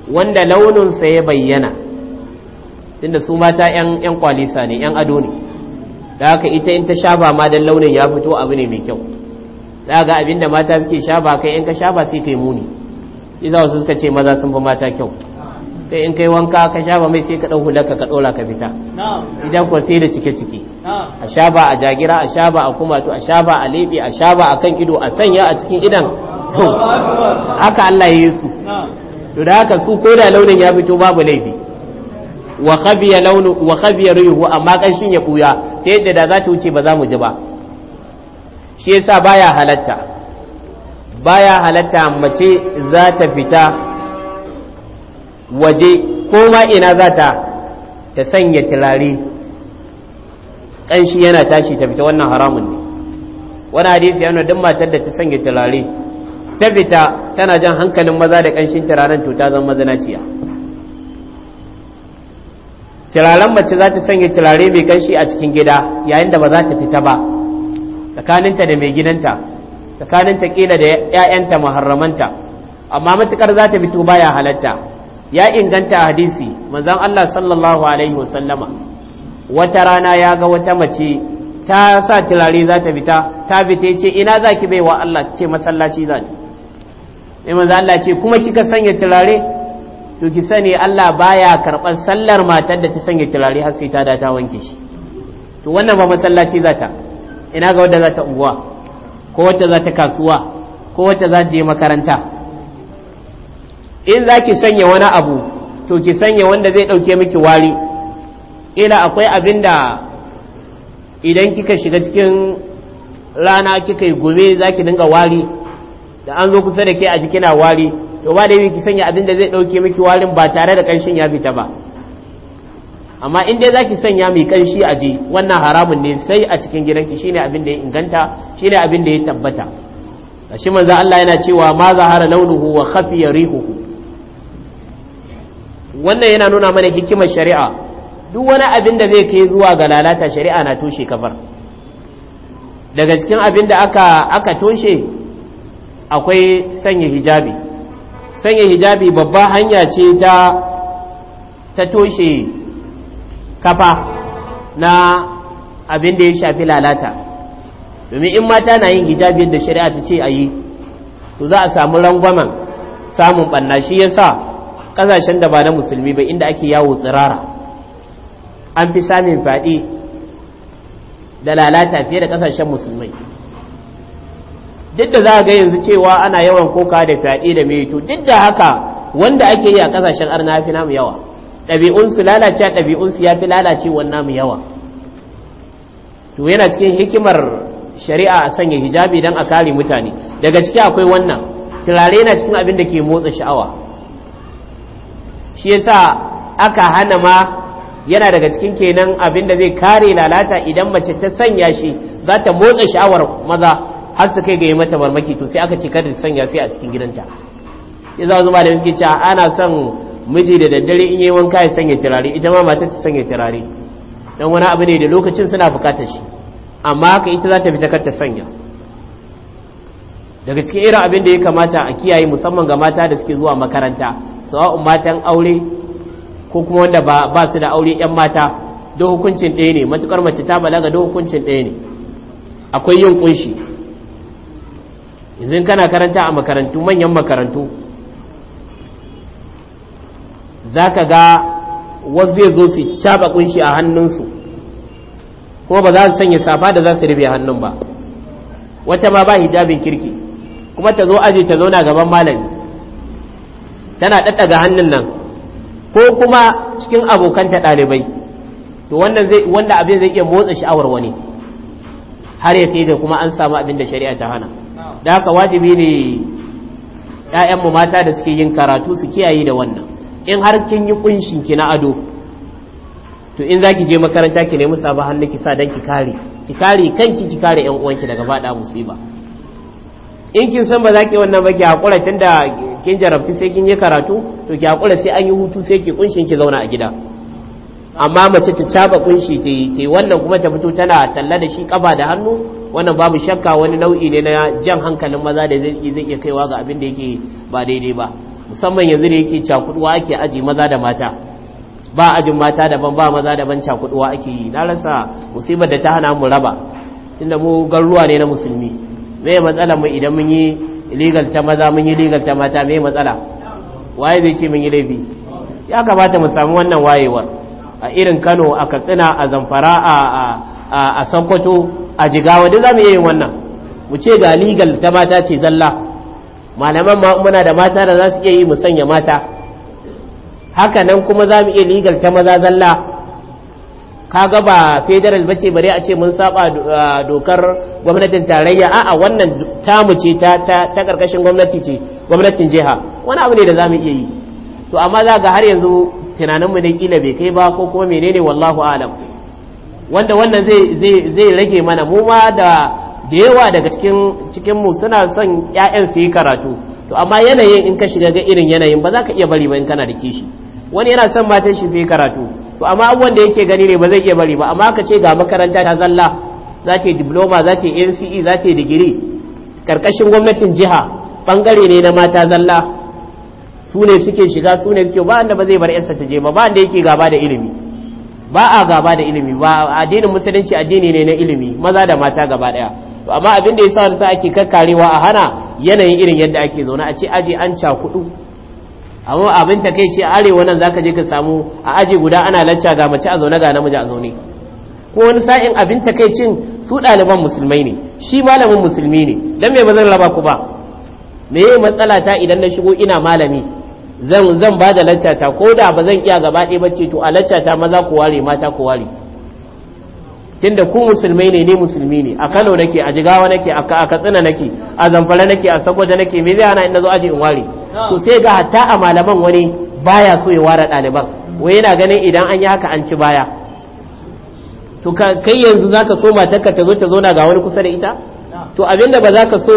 wanda launinsa ya bayyana tunda su mata yan yan kwalisa ne yan ado ne da haka ita in ta shaba ma dan launin ya fito abu ne mai kyau da ga abinda mata suke shaba kai in ka shaba sai kai muni idan wasu suka ce maza sun fi mata kyau sai in kai wanka ka shafa mai sai ka ɗau hularka ka ɗola ka fita idan kuwa sai da cike-cike a shafa a jagira a shafa a kumatu a shafa a leɓe a shafa a kan ido a sanya a cikin idan to haka Allah su to da haka su ko da launin ya fito babu laifi wa khabiya launu wa khabiya amma kanshin ya buya ta yadda da za ta wuce ba za mu ji ba shi yasa baya halatta baya halatta mace za ta fita waje ko ma ina za ta ta sanya turare ƙanshi yana tashi ta fita wannan haramun ne wani hadisi yana duk matar da ta sanya turare ta fita tana jan hankalin maza da ƙanshin turaren tuta zan zama mazinaciya turaren mace za ta sanya turare mai ƙanshi a cikin gida yayin da ba za ta fita ba tsakaninta da mai gidanta tsakaninta kila da 'ya'yanta muharramanta amma matukar za ta fito baya halatta ya inganta hadisi manzan Allah sallallahu alaihi wasallama wata rana ya ga wata mace ta sa turare za ta fita ta fita ce ina za ki bai Allah ce masallaci za ne manzon Allah ce kuma kika sanya turare to ki sani Allah baya karɓar sallar matar da ta sanya turare har sai ta da ta wanke shi to wannan ba masallaci za ta ina ga wadda za ta unguwa ko wata za ta kasuwa ko wata za ta je makaranta in za ki sanya wani abu to ki sanya wanda zai ɗauke miki wari ila akwai abin da idan kika shiga cikin rana kika yi gome za ki dinga wari da an zo kusa da ke a jikina wari to ba da yi ki sanya abin da zai ɗauke miki warin ba tare da ƙanshin ya fita ba amma in dai za ki sanya mai ƙanshi a ji wannan haramun ne sai a cikin gidanki shine abin da ya inganta shine abin da ya tabbata shi manza Allah yana cewa ma zahara launuhu wa khafiya rihuhu wannan yana nuna mana hikimar shari'a duk wani abin da zai kai zuwa ga lalata shari'a na toshe kafar daga cikin abin da aka aka toshe akwai sanya hijabi sanya hijabi babba hanya ce ta ta toshe kafa na abin da ya shafi lalata domin in mata na yin hijabi da shari'a ta ce a yi to za a samu rangwamen samun ɓanna shi yasa ƙasashen da ba na musulmi ba inda ake yawo tsirara an fi samun faɗi da lalata fiye da kasashen musulmai duk da za a ga yanzu cewa ana yawan koka da fyaɗe da mai duk da haka wanda ake yi a ƙasashen arna fi namu yawa ɗabi'unsu lalace a ɗabi'unsu ya fi lalace wannan namu yawa to yana cikin hikimar shari'a a sanya hijabi don a kare mutane daga ciki akwai wannan turare na cikin abin da ke motsa sha'awa shi yasa aka hana ma yana daga cikin kenan abin da zai kare lalata idan mace ta sanya shi za ta motsa sha'awar maza har su kai ga yi mata marmaki to sai aka ce kada sanya sai a cikin gidanta ya za zuba da suke cewa ana son miji da daddare in yi wanka ya sanya turare ita ma mata ta sanya turare don wani abu ne da lokacin suna bukatar shi amma haka ita za ta fita kar ta sanya daga cikin irin abin da ya kamata a kiyaye musamman ga mata da suke zuwa makaranta sawa'un matan aure ko kuma wanda ba su da aure 'yan mata don hukuncin ɗaya ne matukar mace ta balaga don hukuncin ɗaya ne akwai yin kunshi yanzu kana karanta a makarantu manyan makarantu za ka ga wasu zai zo su caba kunshi a hannunsu kuma ba za su sanya safa da za su rufe hannun ba wata ma ba hijabin kirki kuma ta zo aji ta zauna gaban malami tana ɗaɗɗaga hannun nan ko kuma cikin abokanta ɗalibai to wannan zai wanda abin zai iya motsa sha'awar wani har ya kai da kuma an samu abin da shari'a ta hana da haka wajibi ne mu mata da suke yin karatu su kiyaye da wannan in har kin yi kunshin ki na ado to in za ki je makaranta ki nemi sabon hannu ki sa don ki kare ki kare kanki ki kare ‘yan uwanki daga faɗa musiba in kin san ba za ki wannan ba ki hakura tun da kin jarabci sai kin yi karatu to ki hakura sai an yi hutu sai ki kunshin ki zauna a gida amma mace ta caba kunshi ta yi ta wannan kuma ta fito tana talla da shi kafa da hannu wannan babu shakka wani nau'i ne na jan hankalin maza da zai zai iya kaiwa ga abin da yake ba daidai ba musamman yanzu da yake cakuduwa ake aji maza da mata ba ajin mata daban ba maza daban cakuduwa ake yi na rasa musibar da ta hana mu raba tunda mu ruwa ne na musulmi me matsalar mu idan mun yi legal ta maza mun yi legal ta mata mai matsala waye zai ce mun yi laifi ya kamata mu samu wannan wayewar a irin kano a katsina a zamfara a sokoto a jigawa duk za mu yi wannan mu ce ga legal ta mata ce zalla malaman ma muna da mata da za su iya yi mu sanya mata haka nan kuma za mu iya legal ta maza zalla kaga ba federal bace bare a ce mun saba uh, dokar gwamnatin tarayya a'a wannan tamu ce ta ta karkashin gwamnati ce gwamnatin jiha wani abu ne da zamu iya yi to amma za ga har yanzu tunanin mu ne kila bai kai ba ko kuma menene wallahu alam wanda wannan zai zai zai rage mana mu ma da da yawa daga cikin cikin mu suna son ƴaƴan su yi karatu to amma yanayin in ka shiga ga irin yanayin ba za ka iya bari ba in kana da kishi wani yana son matan shi zai karatu to amma abubuwan da yake gani ne ba zai iya bari ba amma ka ce ga makaranta ta zalla za ta yi diploma za ta yi nce za ta yi digiri karkashin gwamnatin jiha bangare ne na mata zalla su ne suke shiga su ne suke ba wanda ba zai bar yansa ta je ba ba wanda yake gaba da ilimi ba a gaba da ilimi ba addinin musulunci addini ne na ilimi maza da mata gaba daya amma abin da yasa wani sa ake kakkarewa a hana yanayin irin yadda ake zaune a ce aje an cakudu amma abin ta kai ce arewa nan zaka je ka samu a aji guda ana lacca ga mace a zaune ga namiji a zaune ko wani sa'in abin ta kai cin su ɗaliban musulmai ne shi malamin musulmi ne dan me ba zan raba ku ba me matsala ta idan na shigo ina malami zan zan ba da lacca ta ko da ba zan iya gaba ɗaya bace to a lacca ta maza ku ware mata ku ware tunda ku musulmai ne ne musulmi ne a Kano nake a Jigawa nake a Katsina nake a Zamfara nake a Sokoto nake me zai hana in nazo aji in ware to sai ga hatta a malaman wani baya so ya ware ɗaliban wai yana ganin idan an yi haka an ci baya to kai yanzu za ka so matarka ta zo ta zauna ga wani kusa da ita to abinda ba za ka so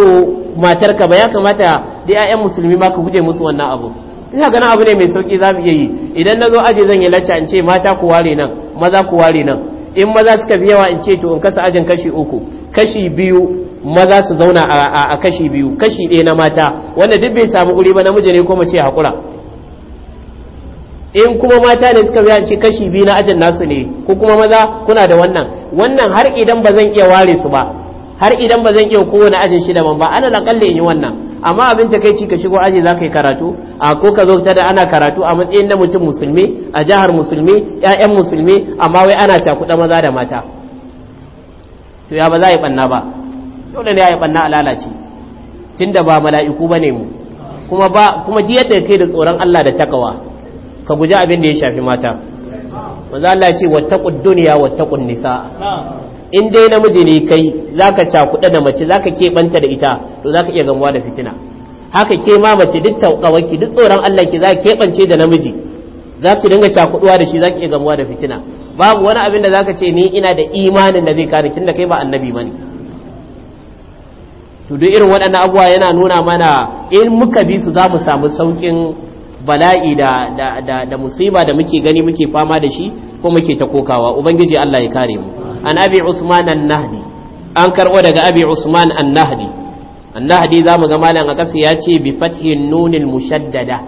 matarka ba ya kamata da 'ya'yan musulmi ba ka guje musu wannan abu ina ganin abu ne mai sauki za mu iya yi idan na zo aji zan yi lacca in ce mata ku ware nan maza ku ware nan in maza suka fi yawa in ce to in kasa ajin kashi uku kashi biyu maza su zauna a kashi biyu kashi ɗaya na mata wanda duk bai samu guri ba namiji ne ko mace haƙura in kuma mata ne suka biya ce kashi biyu na ajin nasu ne ko kuma maza kuna da wannan wannan har idan ba zan iya ware su ba har idan ba zan iya kowane ajin shida man ba ana lakalle in yi wannan amma abin ta kai ci ka shigo aji za ka yi karatu a ko ka zo da ana karatu a matsayin na mutum musulmi a jihar musulmi ƴaƴan musulmi amma wai ana cakuɗa maza da mata to ya ba za a yi ɓanna ba dole ne ya banna a lalace tunda ba mala'iku ne mu kuma ba kuma ji yadda kai da tsoron Allah da takawa ka guji abin da ya shafi mata manzo Allah wata ce duniya wata ƙun nisa in dai namiji ne kai za ka cakuɗa da mace za ka keɓanta da ita to za ka iya gamuwa da fitina haka ke ma mace duk tawqawaki duk tsoron Allah ki za keɓance da namiji za ki dinga cakuɗuwa da shi za ki iya gamuwa da fitina babu wani abin da za ka ce ni ina da imanin da zai kare tunda kai ba annabi bane to duk irin waɗannan abuwa yana nuna mana in muka bi su za mu samu saukin bala'i da da musiba da muke gani muke fama da shi ko muke ta kokawa ubangiji Allah ya kare mu an abi usman an-nahdi an karbo daga abi usman an-nahdi an-nahdi za mu ga malam akasi ya ce bi fathin nunil mushaddada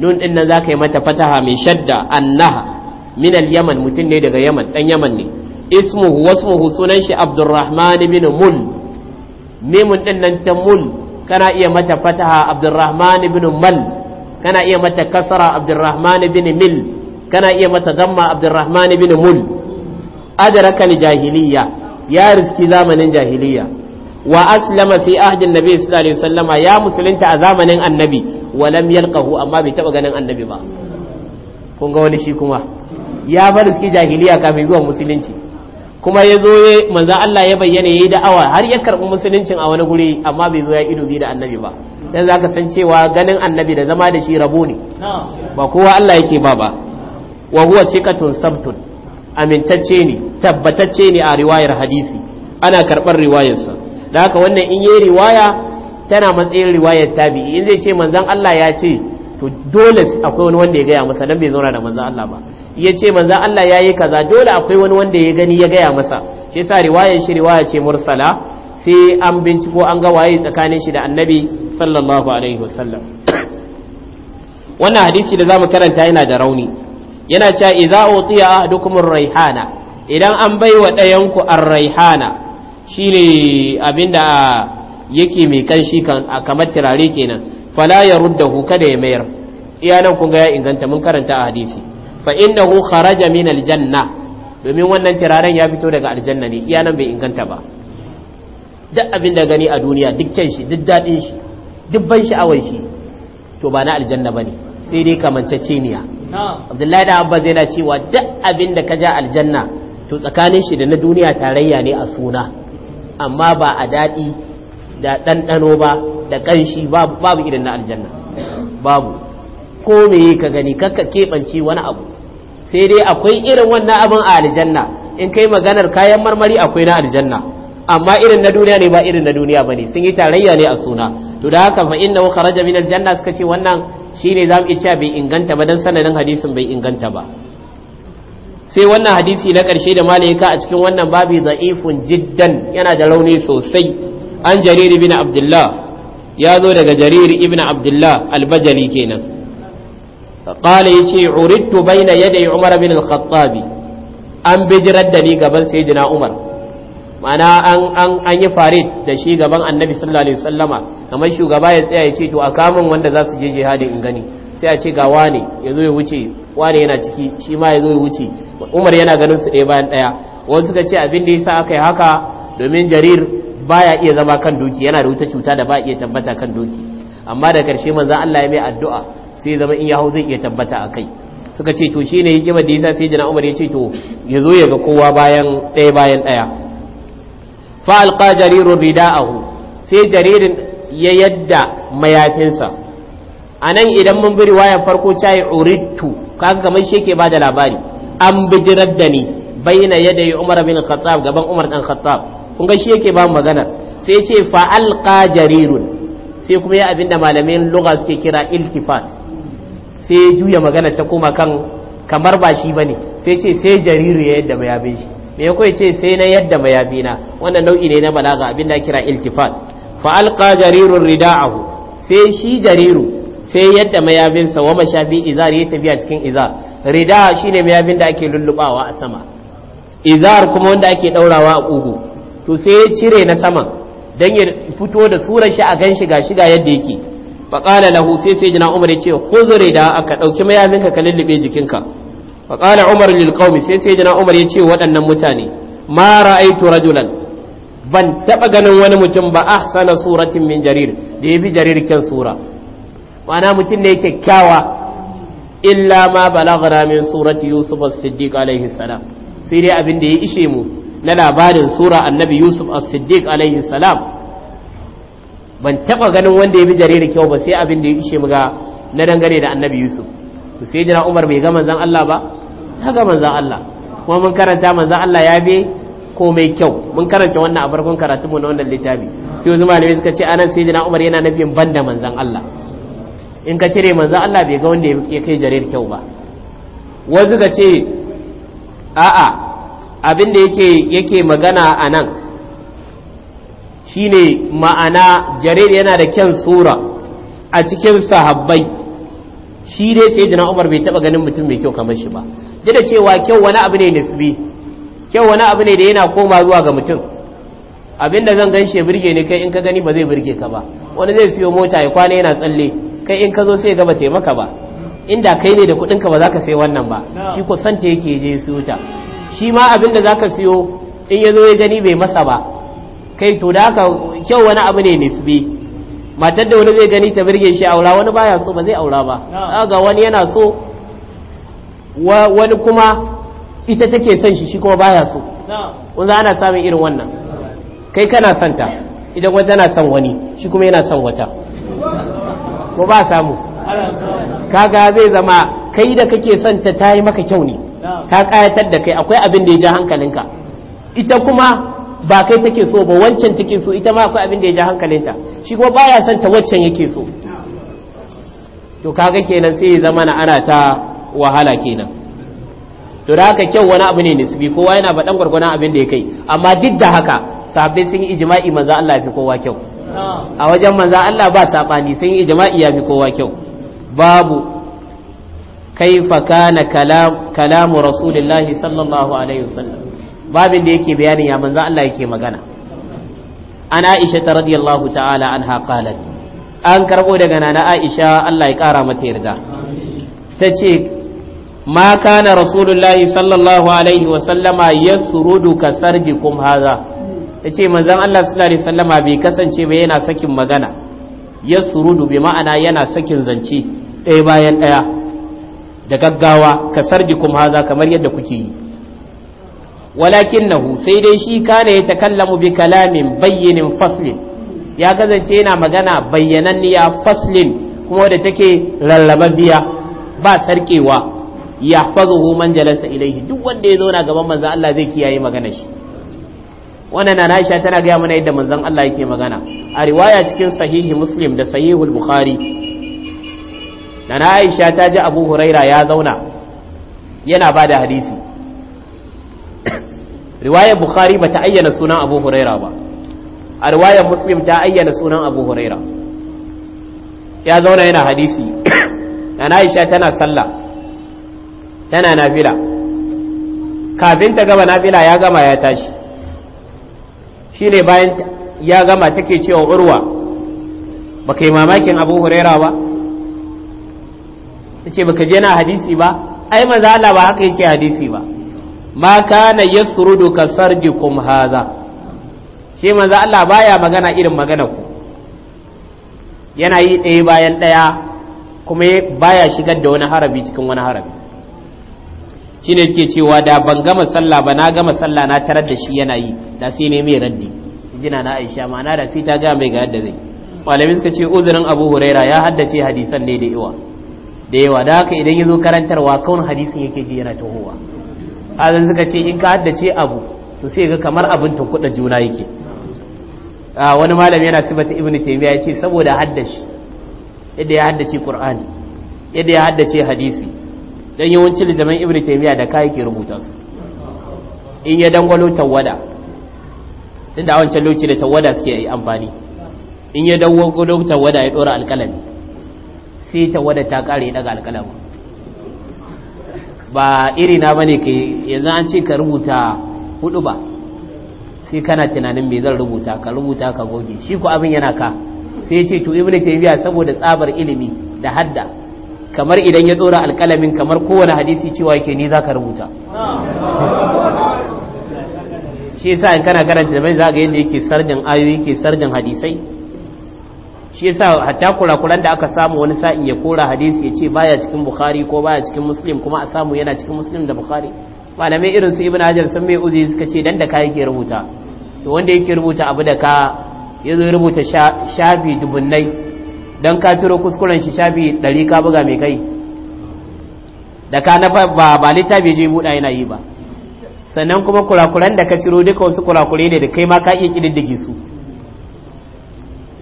nun din nan zaka yi mata fataha mai shadda annaha min al-yaman mutum ne daga yaman ɗan yaman ne ismuhu wasmuhu sunan shi abdurrahman ibn mul mimun din nan ta mul kana iya mata fataha abdurrahman ibn mal kana iya mata kasara abdurrahman ibn mil kana iya mata damma abdurrahman ibn mul adraka jahiliya ya rizki zamanin jahiliya wa aslama fi ahdin nabi sallallahu alaihi ya musulunta a zamanin annabi wa lam yalqahu amma bai taba ganin annabi ba kun ga wani shi kuma ya bar jahiliya kafin zuwa musulunci kuma ya zo ya manzan Allah ya bayyana ya yi da'awa har ya karɓi musuluncin a wani guri amma bai zo ya ido bi da annabi ba yanzu za san cewa ganin annabi da zama da shi rabo ne ba kowa Allah yake ba ba wa huwa sikatun sabtun amintacce ne tabbatacce ne a riwayar hadisi ana karɓar sa da haka wannan in yi riwaya tana matsayin riwayar tabi'i in zai ce manzan Allah ya ce to dole akwai wani wanda ya gaya masa dan bai zauna da manzan Allah ba ya ce manzan Allah ya yi kaza dole akwai wani wanda ya gani ya gaya masa shi sa riwayar shi riwaya ce mursala sai an binciko an ga waye tsakanin shi da annabi sallallahu alaihi wasallam wannan hadisi da zamu karanta yana da rauni yana cewa idza utiya ahdukum ar-raihana idan an baiwa ɗayan ku ar-raihana shine abinda yake mai kanshi kan kamar tirare kenan fala yaruddahu kada ya mayar nan kun ga ya inganta mun karanta a hadisi fa innahu kharaja min aljanna domin wannan tiraren ya fito daga aljanna ne iya nan bai inganta ba duk abin da gani a duniya dukkan shi duk dadin shi duk ban sha'awar shi to ba na aljanna ba ne sai dai kamanceceniya abdullahi da abba zai na cewa duk abin da ka ja aljanna to tsakanin shi da na duniya tarayya ne a suna amma ba a daɗi da ɗanɗano ba da ƙanshi babu irin na aljanna babu ko me ka gani kakka keɓance wani abu sai dai akwai irin wannan abin a aljanna in kai maganar kayan marmari akwai na aljanna amma irin na duniya ne ba irin na duniya ba ne sun yi tarayya ne a suna to da haka fa inna kharaja min aljanna suka ce wannan shine zamu iya bai inganta ba dan sanadin hadisin bai inganta ba sai wannan hadisi na ƙarshe da malaika a cikin wannan babi za'ifun jiddan yana da rauni sosai an jariri bin abdullah ya zo daga jariri ibn abdullah albajali kenan qala yace uridtu baina yaday umar bin al-khattabi an bijirar da ni gaban sayyidina umar mana an an yi farid da shi gaban annabi sallallahu alaihi kamar shugaba ya tsaya ya ce to a kamun wanda za su je jihadin in gani sai a ce ga wane ya zo ya wuce wane yana ciki shi ma ya zo ya wuce umar yana ganin su ɗaya bayan ɗaya wasu suka ce abin da ya sa aka yi haka domin jarir baya iya zama kan doki yana da wuta cuta da ba iya tabbata kan doki amma da karshe manzan Allah ya mai addu'a sai zama in yaho zai iya tabbata a kai suka ce to shi ne ya kima da yasa sai jana umar ya ce to ya zo ya ga kowa bayan ɗaya bayan ɗaya fa rida jarirun rida'ahu sai jaririn ya yadda mayafinsa a nan idan mun bi wayan farko chai urittu kaga kamar shi ba bada labari an bijirar da ni yadda ya umar bin khattab gaban umar dan khattab kun ga shi yake ba magana sai ce fa'alƙa jaririn sai kuma ya abinda malamin lugha suke kira iltifat sai ya juya magana ta koma kan kamar ba shi ba ne sai ce sai jariru ya yadda mayabin shi me yako ce sai na yadda na wannan nau'i ne na balaga abin da kira iltifat fa alqa jarirun rida'ahu sai shi jariru sai yadda mayabinsa wa mashafi izar ya tafiya cikin izar rida shine mayabin da ake lullubawa a sama izar kuma wanda ake daurawa a kugu to sai ya cire na sama dan ya fito da surar shi a gan shiga shiga yadda yake faƙala lahu sai sai jina umar ya ce huzure da aka ɗauki mayafinka ka lullube jikinka faƙala umar lil sai sai jina umar ya ce waɗannan mutane ma ra'aitu rajulan ban taɓa ganin wani mutum ba ahsana suratin min jarir da ya bi jarir kyan sura ma'ana mutum ne kyakkyawa illa ma balaghara min surati yusuf as-siddiq alaihi salam sai dai abin da ya ishe mu na labarin sura annabi yusuf as-siddiq alaihi salam ban taba ganin wanda ya bi jariri kyau ba sai abin da ya ishe mu ga na dangane da annabi yusuf to sai jira umar bai ga manzan allah ba ta ga manzan allah kuma mun karanta manzan allah ya bi komai kyau mun karanta wannan a farkon karatun mu na wannan littafi sai wasu malamai suka ce anan sai jira umar yana nufin banda manzan allah in ka cire manzan allah bai ga wanda ya kai jarir kyau ba wasu ka ce a'a abin da yake yake magana anan shine ma'ana jarir yana da kyan tsura a cikin sahabbai shi dai sai jina umar bai taba ganin mutum mai kyau kamar shi ba duk da cewa kyau wani abu ne nisbi kyau wani abu ne da yana koma zuwa ga mutum abinda zan gan shi birge ne kai in ka gani ba zai birge ka ba wani zai siyo mota ya kwana yana tsalle kai in ka zo sai gaba ba taimaka ba inda kai ne da kudin ka ba za ka sai wannan ba shi ko santa yake je siyo ta shi ma abinda za ka siyo in ya zo ya gani bai masa ba kai to da haka kyau wani abu ne nisbi matar da wani zai gani ta birge shi aura wani baya so ba zai aura ba ga wani yana so wani kuma ita take son shi shi kuma baya so kun ana samun irin wannan kai kana son ta idan wata tana son wani shi kuma yana son wata ko ba samu kaga zai zama kai da kake son ta tayi maka kyau ne ta kayatar da kai akwai abin da ya ja hankalinka ita kuma ba kai take so ba wancan take so ita ma akwai abin da ya ja hankalinta shi kuma baya son ta waccan yake so to kaga kenan sai ya zama na ana ta wahala kenan to da haka kyau wani abu ne nisbi kowa yana ba dan gwargwanon abin da ya kai amma duk da haka sahabbai sun yi ijma'i manzo Allah ya fi kowa kyau a wajen manzo Allah ba sabani sun yi ijma'i ya fi kowa kyau babu kaifa kana kalam kalamu rasulullahi sallallahu alaihi wasallam babin da yake bayanin ya manzo Allah yake magana an Aisha ta radiyallahu ta'ala anha qalat an karbo daga nana Aisha Allah ya kara mata yarda tace ma kana rasulullahi sallallahu alaihi wa sallama yasrudu ka haza.' Ta tace manzon Allah sallallahu alaihi sallama bai kasance ba yana sakin magana surudu' bi ma'ana yana sakin zance ɗaya bayan ɗaya da gaggawa ka kum haza kamar yadda kuke yi Walakin nahu sai dai shi kana ya takallamu bi kalamin bayyinin faslin ya kazance yana magana bayyananniya faslin kuma da take rarrababbiya ba sarkewa ya fazuhu man jalasa ilaihi duk wanda ya zauna gaban manzon Allah zai kiyaye magana shi wannan na Aisha tana gaya mana yadda manzon Allah yake magana a riwaya cikin sahihi Muslim da sahihul Bukhari na Aisha ta ji Abu Huraira ya zauna yana bada hadisi riwayar bukhari bata ayyana sunan abu huraira ba a riwayar muslim ta ayyana sunan abu huraira ya zauna yana hadisi (coughs) na aisha tana sallah tana nafila kafin ta gama nafila ya gama ya tashi shine bayan ya gama take cewa urwa baka yi mamakin abu huraira ba ta ce baka je na hadisi ba ai maza Allah ba haka yake hadisi ba ma kana yasrudu ka sarjikum haza shi manzo Allah baya magana irin magana ku yana yi ɗaya bayan ɗaya kuma baya shigar da wani harabi cikin wani harabi shine ke cewa da ban gama sallah ba na gama sallah na tarar da shi yana yi da sai ne mai raddi jina na Aisha ma'ana da sai ta ga mai ga yadda zai malamin suka ce uzurin Abu Huraira ya haddace hadisan ne da yawa da yawa da haka idan ya zo karantarwa kawun hadisin yake ji yana tahowa azan suka ce in ka haddace abu to sai ga kamar abin tunkuɗa juna yake a wani malami yana sifata ibnu taymiya ya ce saboda haddashi yadda ya haddace qur'ani yadda ya haddace hadisi dan yawancin littafin ibnu taymiya da kai ke rubuta su in ya dangwalo tawada tunda a wancan lokaci da tawada suke yi amfani in ya dangwalo tawada ya dora alƙalami sai tawada ta kare ya daga alƙalami ba iri na bane ke yanzu an ce ka rubuta hudu ba sai kana tunanin me zan rubuta ka rubuta ka goge shi ku abin yana ka sai ce to ibn taymiya saboda tsabar ilimi da hadda kamar idan ya dora alkalamin kamar kowane hadisi cewa yake ni zaka rubuta shi yasa in kana karanta mai zaka yadda yake sardin ayoyi yake sardin hadisai shi yasa hatta kurakuran da aka samu wani sa'in ya kora hadisi ya ce baya cikin bukhari ko baya cikin muslim kuma a samu yana cikin muslim da bukhari malamai irin su ibn hajar sun mai uzi suka ce dan da ka yake rubuta to wanda yake rubuta abu da ka yazo rubuta shafi dubunnai dan ka ciro kuskuren shi shafi dari ka buga mai kai da ka na ba ba littafi je buɗa yana yi ba sannan kuma kurakuran da ka ciro duka wasu kurakure ne da kai ma ka iya kididdige su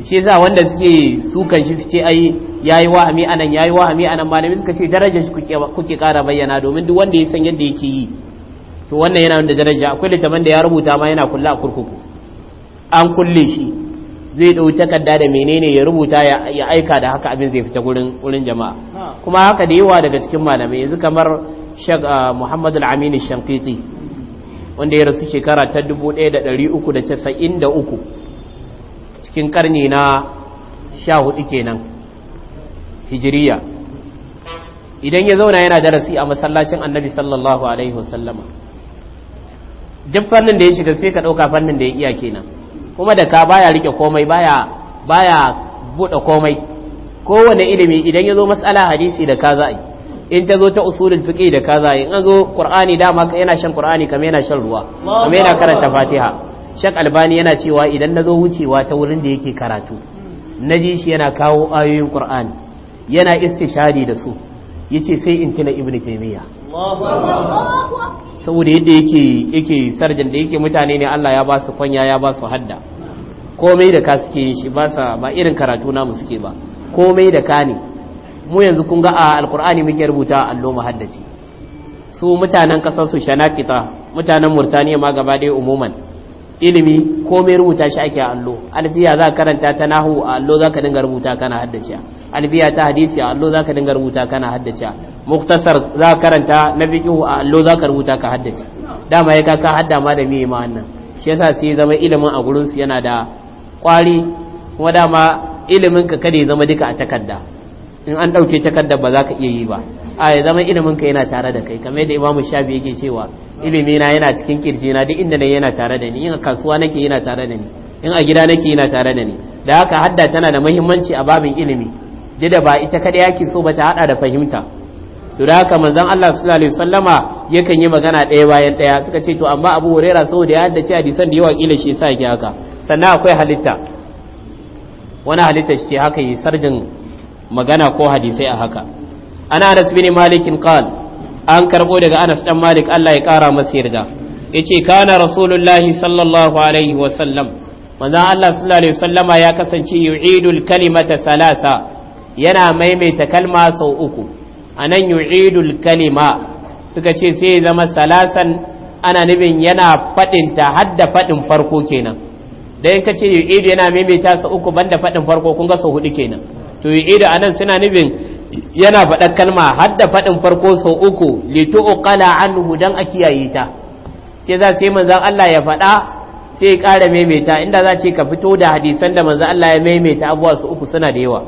shi za wanda suke sukan shi suke ai yayi wahami anan yayi wahami anan malami suka ce daraja kuke kuke ƙara bayyana domin duk wanda ya san yadda yake yi to wannan yana da daraja akwai littafin da ya rubuta ma yana kulla a kurkuku an kulle shi zai dau takarda da menene ya rubuta ya aika da haka abin zai fita gurin jama'a kuma haka da yawa daga cikin malamai yanzu kamar shag ah, muhammadu al'amini shankiti wanda ya rasu shekara ta 1393 cikin karni na sha hudu kenan hijiriya idan ya zauna yana darasi a masallacin annabi sallallahu alaihi wasallama duk fannin da ya shiga sai ka ɗauka fannin da ya iya kenan kuma da ka baya rike komai baya baya buɗe komai kowane ilimi idan ya zo matsala hadisi da ka in ta zo ta usulul fiqi da ka za in zo qur'ani dama yana shan qur'ani kamar yana shan ruwa kamar yana karanta fatiha shek albani yana cewa idan na zo wucewa ta wurin da yake karatu na ji shi yana kawo ayoyin qur'ani yana istishari da su yace sai in tuna ibnu taymiya saboda yadda yake yake sarjan da yake mutane ne Allah ya ba su kwanya ya ba su hadda komai da ka suke shi ba sa ba irin karatu namu suke ba komai da ka ne mu yanzu kun ga a alkur'ani muke rubuta allo muhaddaci su mutanen kasar su shanakita mutanen murtaniya ma gaba daya umuman ilimi komai rubuta shi ake allo alfiya za ka karanta ta nahu a allo za ka dinga rubuta kana haddace alfiya ta hadisi a allo za ka dinga rubuta kana haddace muktasar za ka karanta na fiqhu a allo za ka rubuta ka haddace dama ya ka hadda ma da miye ma wannan shi yasa sai zama ilimin a gurin su yana da kwari kuma dama ilimin ka kada ya zama duka a takarda in an dauke takarda ba za ka iya yi ba a ya zama ilimin ka yana tare da kai kamar da imamu shafi yake cewa ilimi na yana cikin kirji na duk inda ne yana tare da ni in kasuwa nake yana tare da ni in a gida nake yana tare da ni da haka hadda tana da muhimmanci a babin ilimi duk da ba ita kada yake so ba ta hada da fahimta to da haka manzon Allah sallallahu alaihi wasallama yakan yi magana ɗaya bayan ɗaya suka ce to amma Abu Huraira saboda ya haddace hadisan da yawa kila shi yasa yake haka sannan akwai halitta wani halitta shi haka yi sarjin magana ko hadisai a haka ana Anas bin Malik qala an karbo daga Anas dan Malik Allah ya kara masa yarda yace kana rasulullahi sallallahu alaihi wa sallam manzo Allah sallallahu alaihi sallama ya kasance yu'idul kalimata salasa yana maimaita kalma sau uku anan yu'idul kalima suka ce sai zama salasan ana nufin yana fadin ta hadda fadin farko kenan dan ka ce yu'idu yana maimaita sau uku banda fadin farko kun ga sau hudu kenan to yu'idu anan suna nufin yana faɗar kalma hadda faɗin farko sau uku litu'qala anhu don a kiyaye ta sai za sai manzan Allah ya faɗa sai ya ƙara maimaita inda za ce ka fito da hadisan da manzan Allah ya maimaita abuwa su uku suna da yawa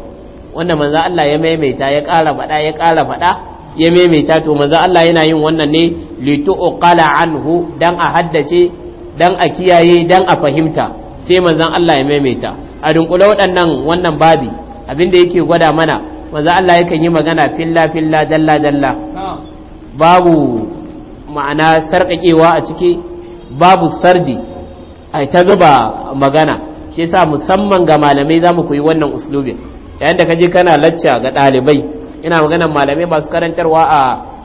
wanda manzan Allah ya maimaita ya ƙara faɗa ya ƙara faɗa ya maimaita to manzan Allah yana yin wannan ne litu'qala anhu don a haddace don a kiyaye dan a fahimta sai manzan Allah ya maimaita a dunkule waɗannan wannan babi abin abinda yake gwada mana manzo Allah yakan yi magana filla filla dalla dalla babu ma'ana sarƙaƙewa a ciki babu sardi ai ta zuba magana shi yasa musamman ga malamai zamu koyi wannan uslubin yayin da kaje kana lacca ga ɗalibai ina maganar malamai masu karantarwa a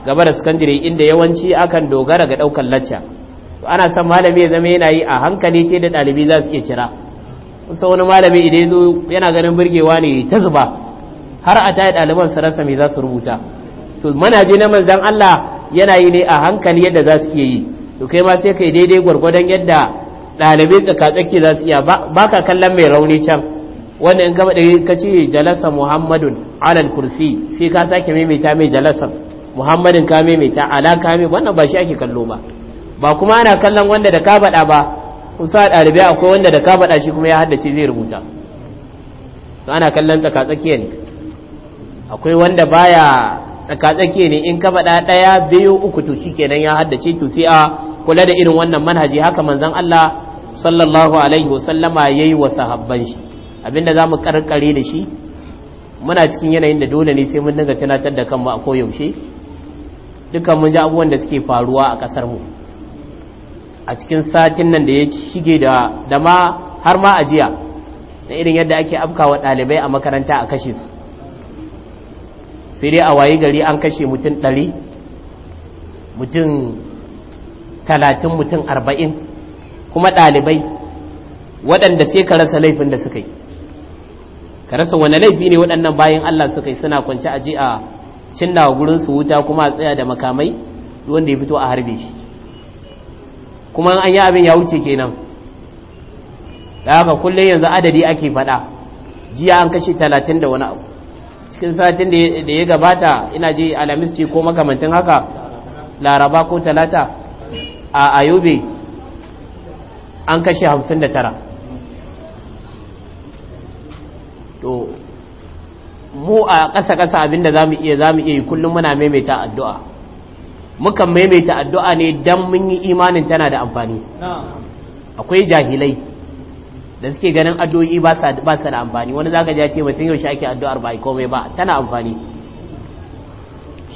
gaba da sakandare inda yawanci akan dogara ga ɗaukar lacca ana son malami ya zama yana yi a hankali ke da ɗalibai za su iya cira wani malami idan yana ganin burgewa ne ta zuba har a taya ɗaliban su rasa me za su rubuta to manaje na manzan Allah yana yi ne a hankali yadda za su iya yi to kai ma sai kai daidai gwargwadon yadda ɗalibai tsakatsaki za su iya ba ka kallon mai rauni can wanda in gaba ɗari ka ce jalasa muhammadun alal kursi sai ka sake maimaita mai jalasa muhammadin ka maimaita ala ka mai wannan ba shi ake kallo ba ba kuma ana kallon wanda da ka faɗa ba kusa ɗalibai akwai wanda da ka faɗa shi kuma ya haddace zai rubuta ana kallon tsakatsakiya ne akwai wanda baya tsakatsake ne in ka faɗa ɗaya biyu uku to shikenan ya haddace to sai a kula da irin wannan manhaji haka manzon Allah sallallahu alaihi wasallama yayi wa sahabban shi abinda zamu karkare da shi muna cikin yanayin da dole ne sai mun dinga tunatar da kanmu a koyaushe dukan mun ji abubuwan da suke faruwa a kasar mu a cikin satin nan da ya shige da dama har ma ajiya da irin yadda ake afkawa ɗalibai a makaranta a kashe su sai dai a wayi gari an kashe mutum ɗari mutum talatin mutum arba'in kuma ɗalibai waɗanda sai ka rasa laifin da suka yi ka rasa wane laifi ne waɗannan bayan Allah suka yi suna kwanci a ji a cinna gurin su wuta kuma a tsaya da makamai wanda ya fito a harbe shi kuma an yi abin ya wuce kenan da haka kullum yanzu adadi ake faɗa jiya an kashe talatin da wani abu cikin satin da ya gabata ina ji alamis ce ko makamantin haka laraba ko talata a ayobe an kashe 59 to mu a ƙasa-ƙasa abinda za mu iya za mu iya yi kullum muna maimaita addu'a mukan maimaita addu'a ne don mun yi imanin tana da amfani akwai jahilai da suke ganin addu'o'i ba sa ba sa da amfani wani zaka ji a ce mutum yaushe ake addu'ar ba komai ba tana amfani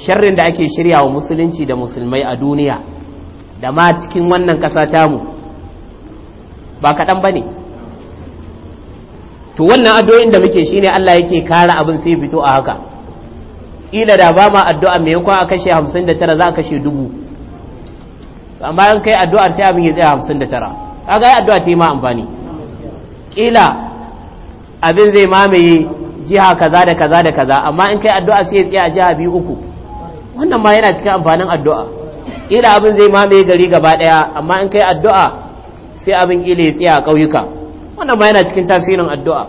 sharrin da ake shirya wa musulunci da musulmai a duniya da ma cikin wannan kasa tamu ba kaɗan ba ne to wannan addu'o'in da muke shine Allah yake kara abin sai fito a haka ila da ba ma addu'a mai yankwa a kashe 59 za a kashe dubu amma an kai addu'ar sai abin ya tsaya 59 kaga ai addu'a ta yi ma amfani kila abin zai mamaye jiha kaza da kaza da kaza amma in kai addu'a sai ya tsaya jiha biyu uku wannan ma yana cikin amfanin addu'a kila abin zai mamaye gari gaba daya amma in kai addu'a sai abin kila ya tsaya a ƙauyuka wannan ma yana cikin tasirin addu'a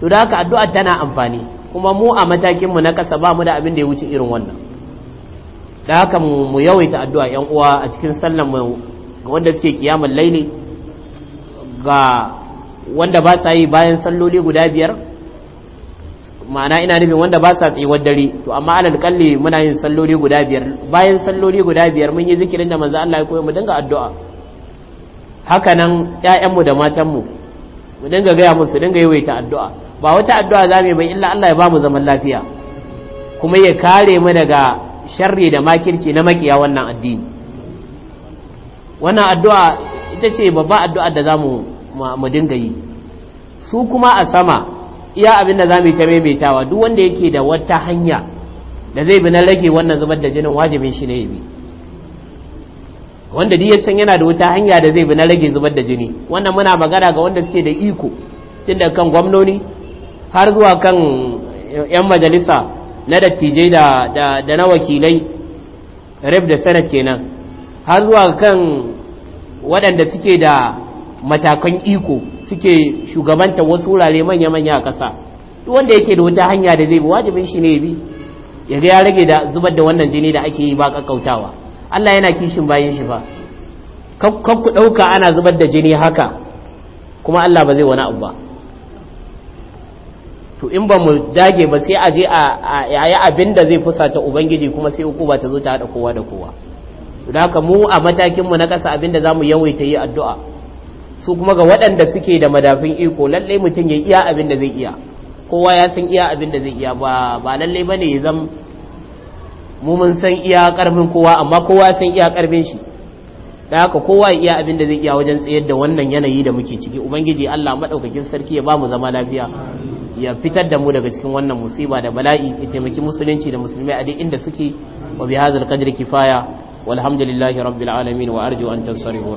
to da haka addu'a tana amfani kuma mu a matakin mu na kasa ba mu da abin da ya wuce irin wannan da haka mu yawaita addu'a yan uwa a cikin sallar mu ga wanda suke kiyamul laili ga wanda ba sa yi bayan salloli guda biyar ma'ana ina nufin wanda ba sa tsiwar dare to amma alal kalli muna yin salloli guda biyar bayan salloli guda biyar mun yi zikirin da manzo Allah ya mu dinga addu'a haka nan ƴaƴanmu da matanmu mu dinga gaya musu dinga yawaita addu'a ba wata addu'a za mu bai illa Allah ya ba mu zaman lafiya kuma ya kare mu daga sharri da makirci na makiya wannan addini wannan addu'a ita ce babba addu'a da zamu mu mu dinga yi su kuma a sama iya abin da za mu yi ta maimaitawa duk wanda yake da wata hanya da zai bi na rage wannan zubar da jinin wajibin shi ne ya bi wanda duk yasan yana da wata hanya da zai bi na rage zubar da jini wannan muna magana ga wanda suke da iko tun da kan gwamnoni har zuwa kan 'yan majalisa na dattijai da na wakilai ref da senate kenan har zuwa kan waɗanda suke da matakan iko suke shugabanta wasu wurare manya-manya a ƙasa wanda yake da wata hanya da zai bi wajibin shi ne bi ya ga ya rage da zubar da wannan jini da ake yi ba kakkautawa Allah yana kishin bayan shi ba. kan ku ɗauka ana zubar da jini haka kuma Allah ba zai wani abu ba to in ba mu dage ba sai a je a yayi abin da zai fusata ubangiji kuma sai uku ba ta zo ta haɗa kowa da kowa don haka mu a matakinmu na ƙasa abin da za mu yawaita yi addu'a su kuma ga waɗanda suke da madafin iko lalle mutum ya iya abin da zai iya kowa ya san iya abin da zai iya ba ba ne bane ya zam mu mun san iya karfin kowa amma kowa ya san iya karfin shi da haka kowa ya iya abin da zai iya wajen tsayar da wannan yanayi da muke ciki ubangiji Allah madaukakin sarki ya ba mu zama lafiya ya fitar da mu daga cikin wannan musiba da bala'i ya taimaki musulunci da musulmai a duk inda suke wa bi hadzal qadri kifaya walhamdulillahi rabbil alamin wa arju an tansarihu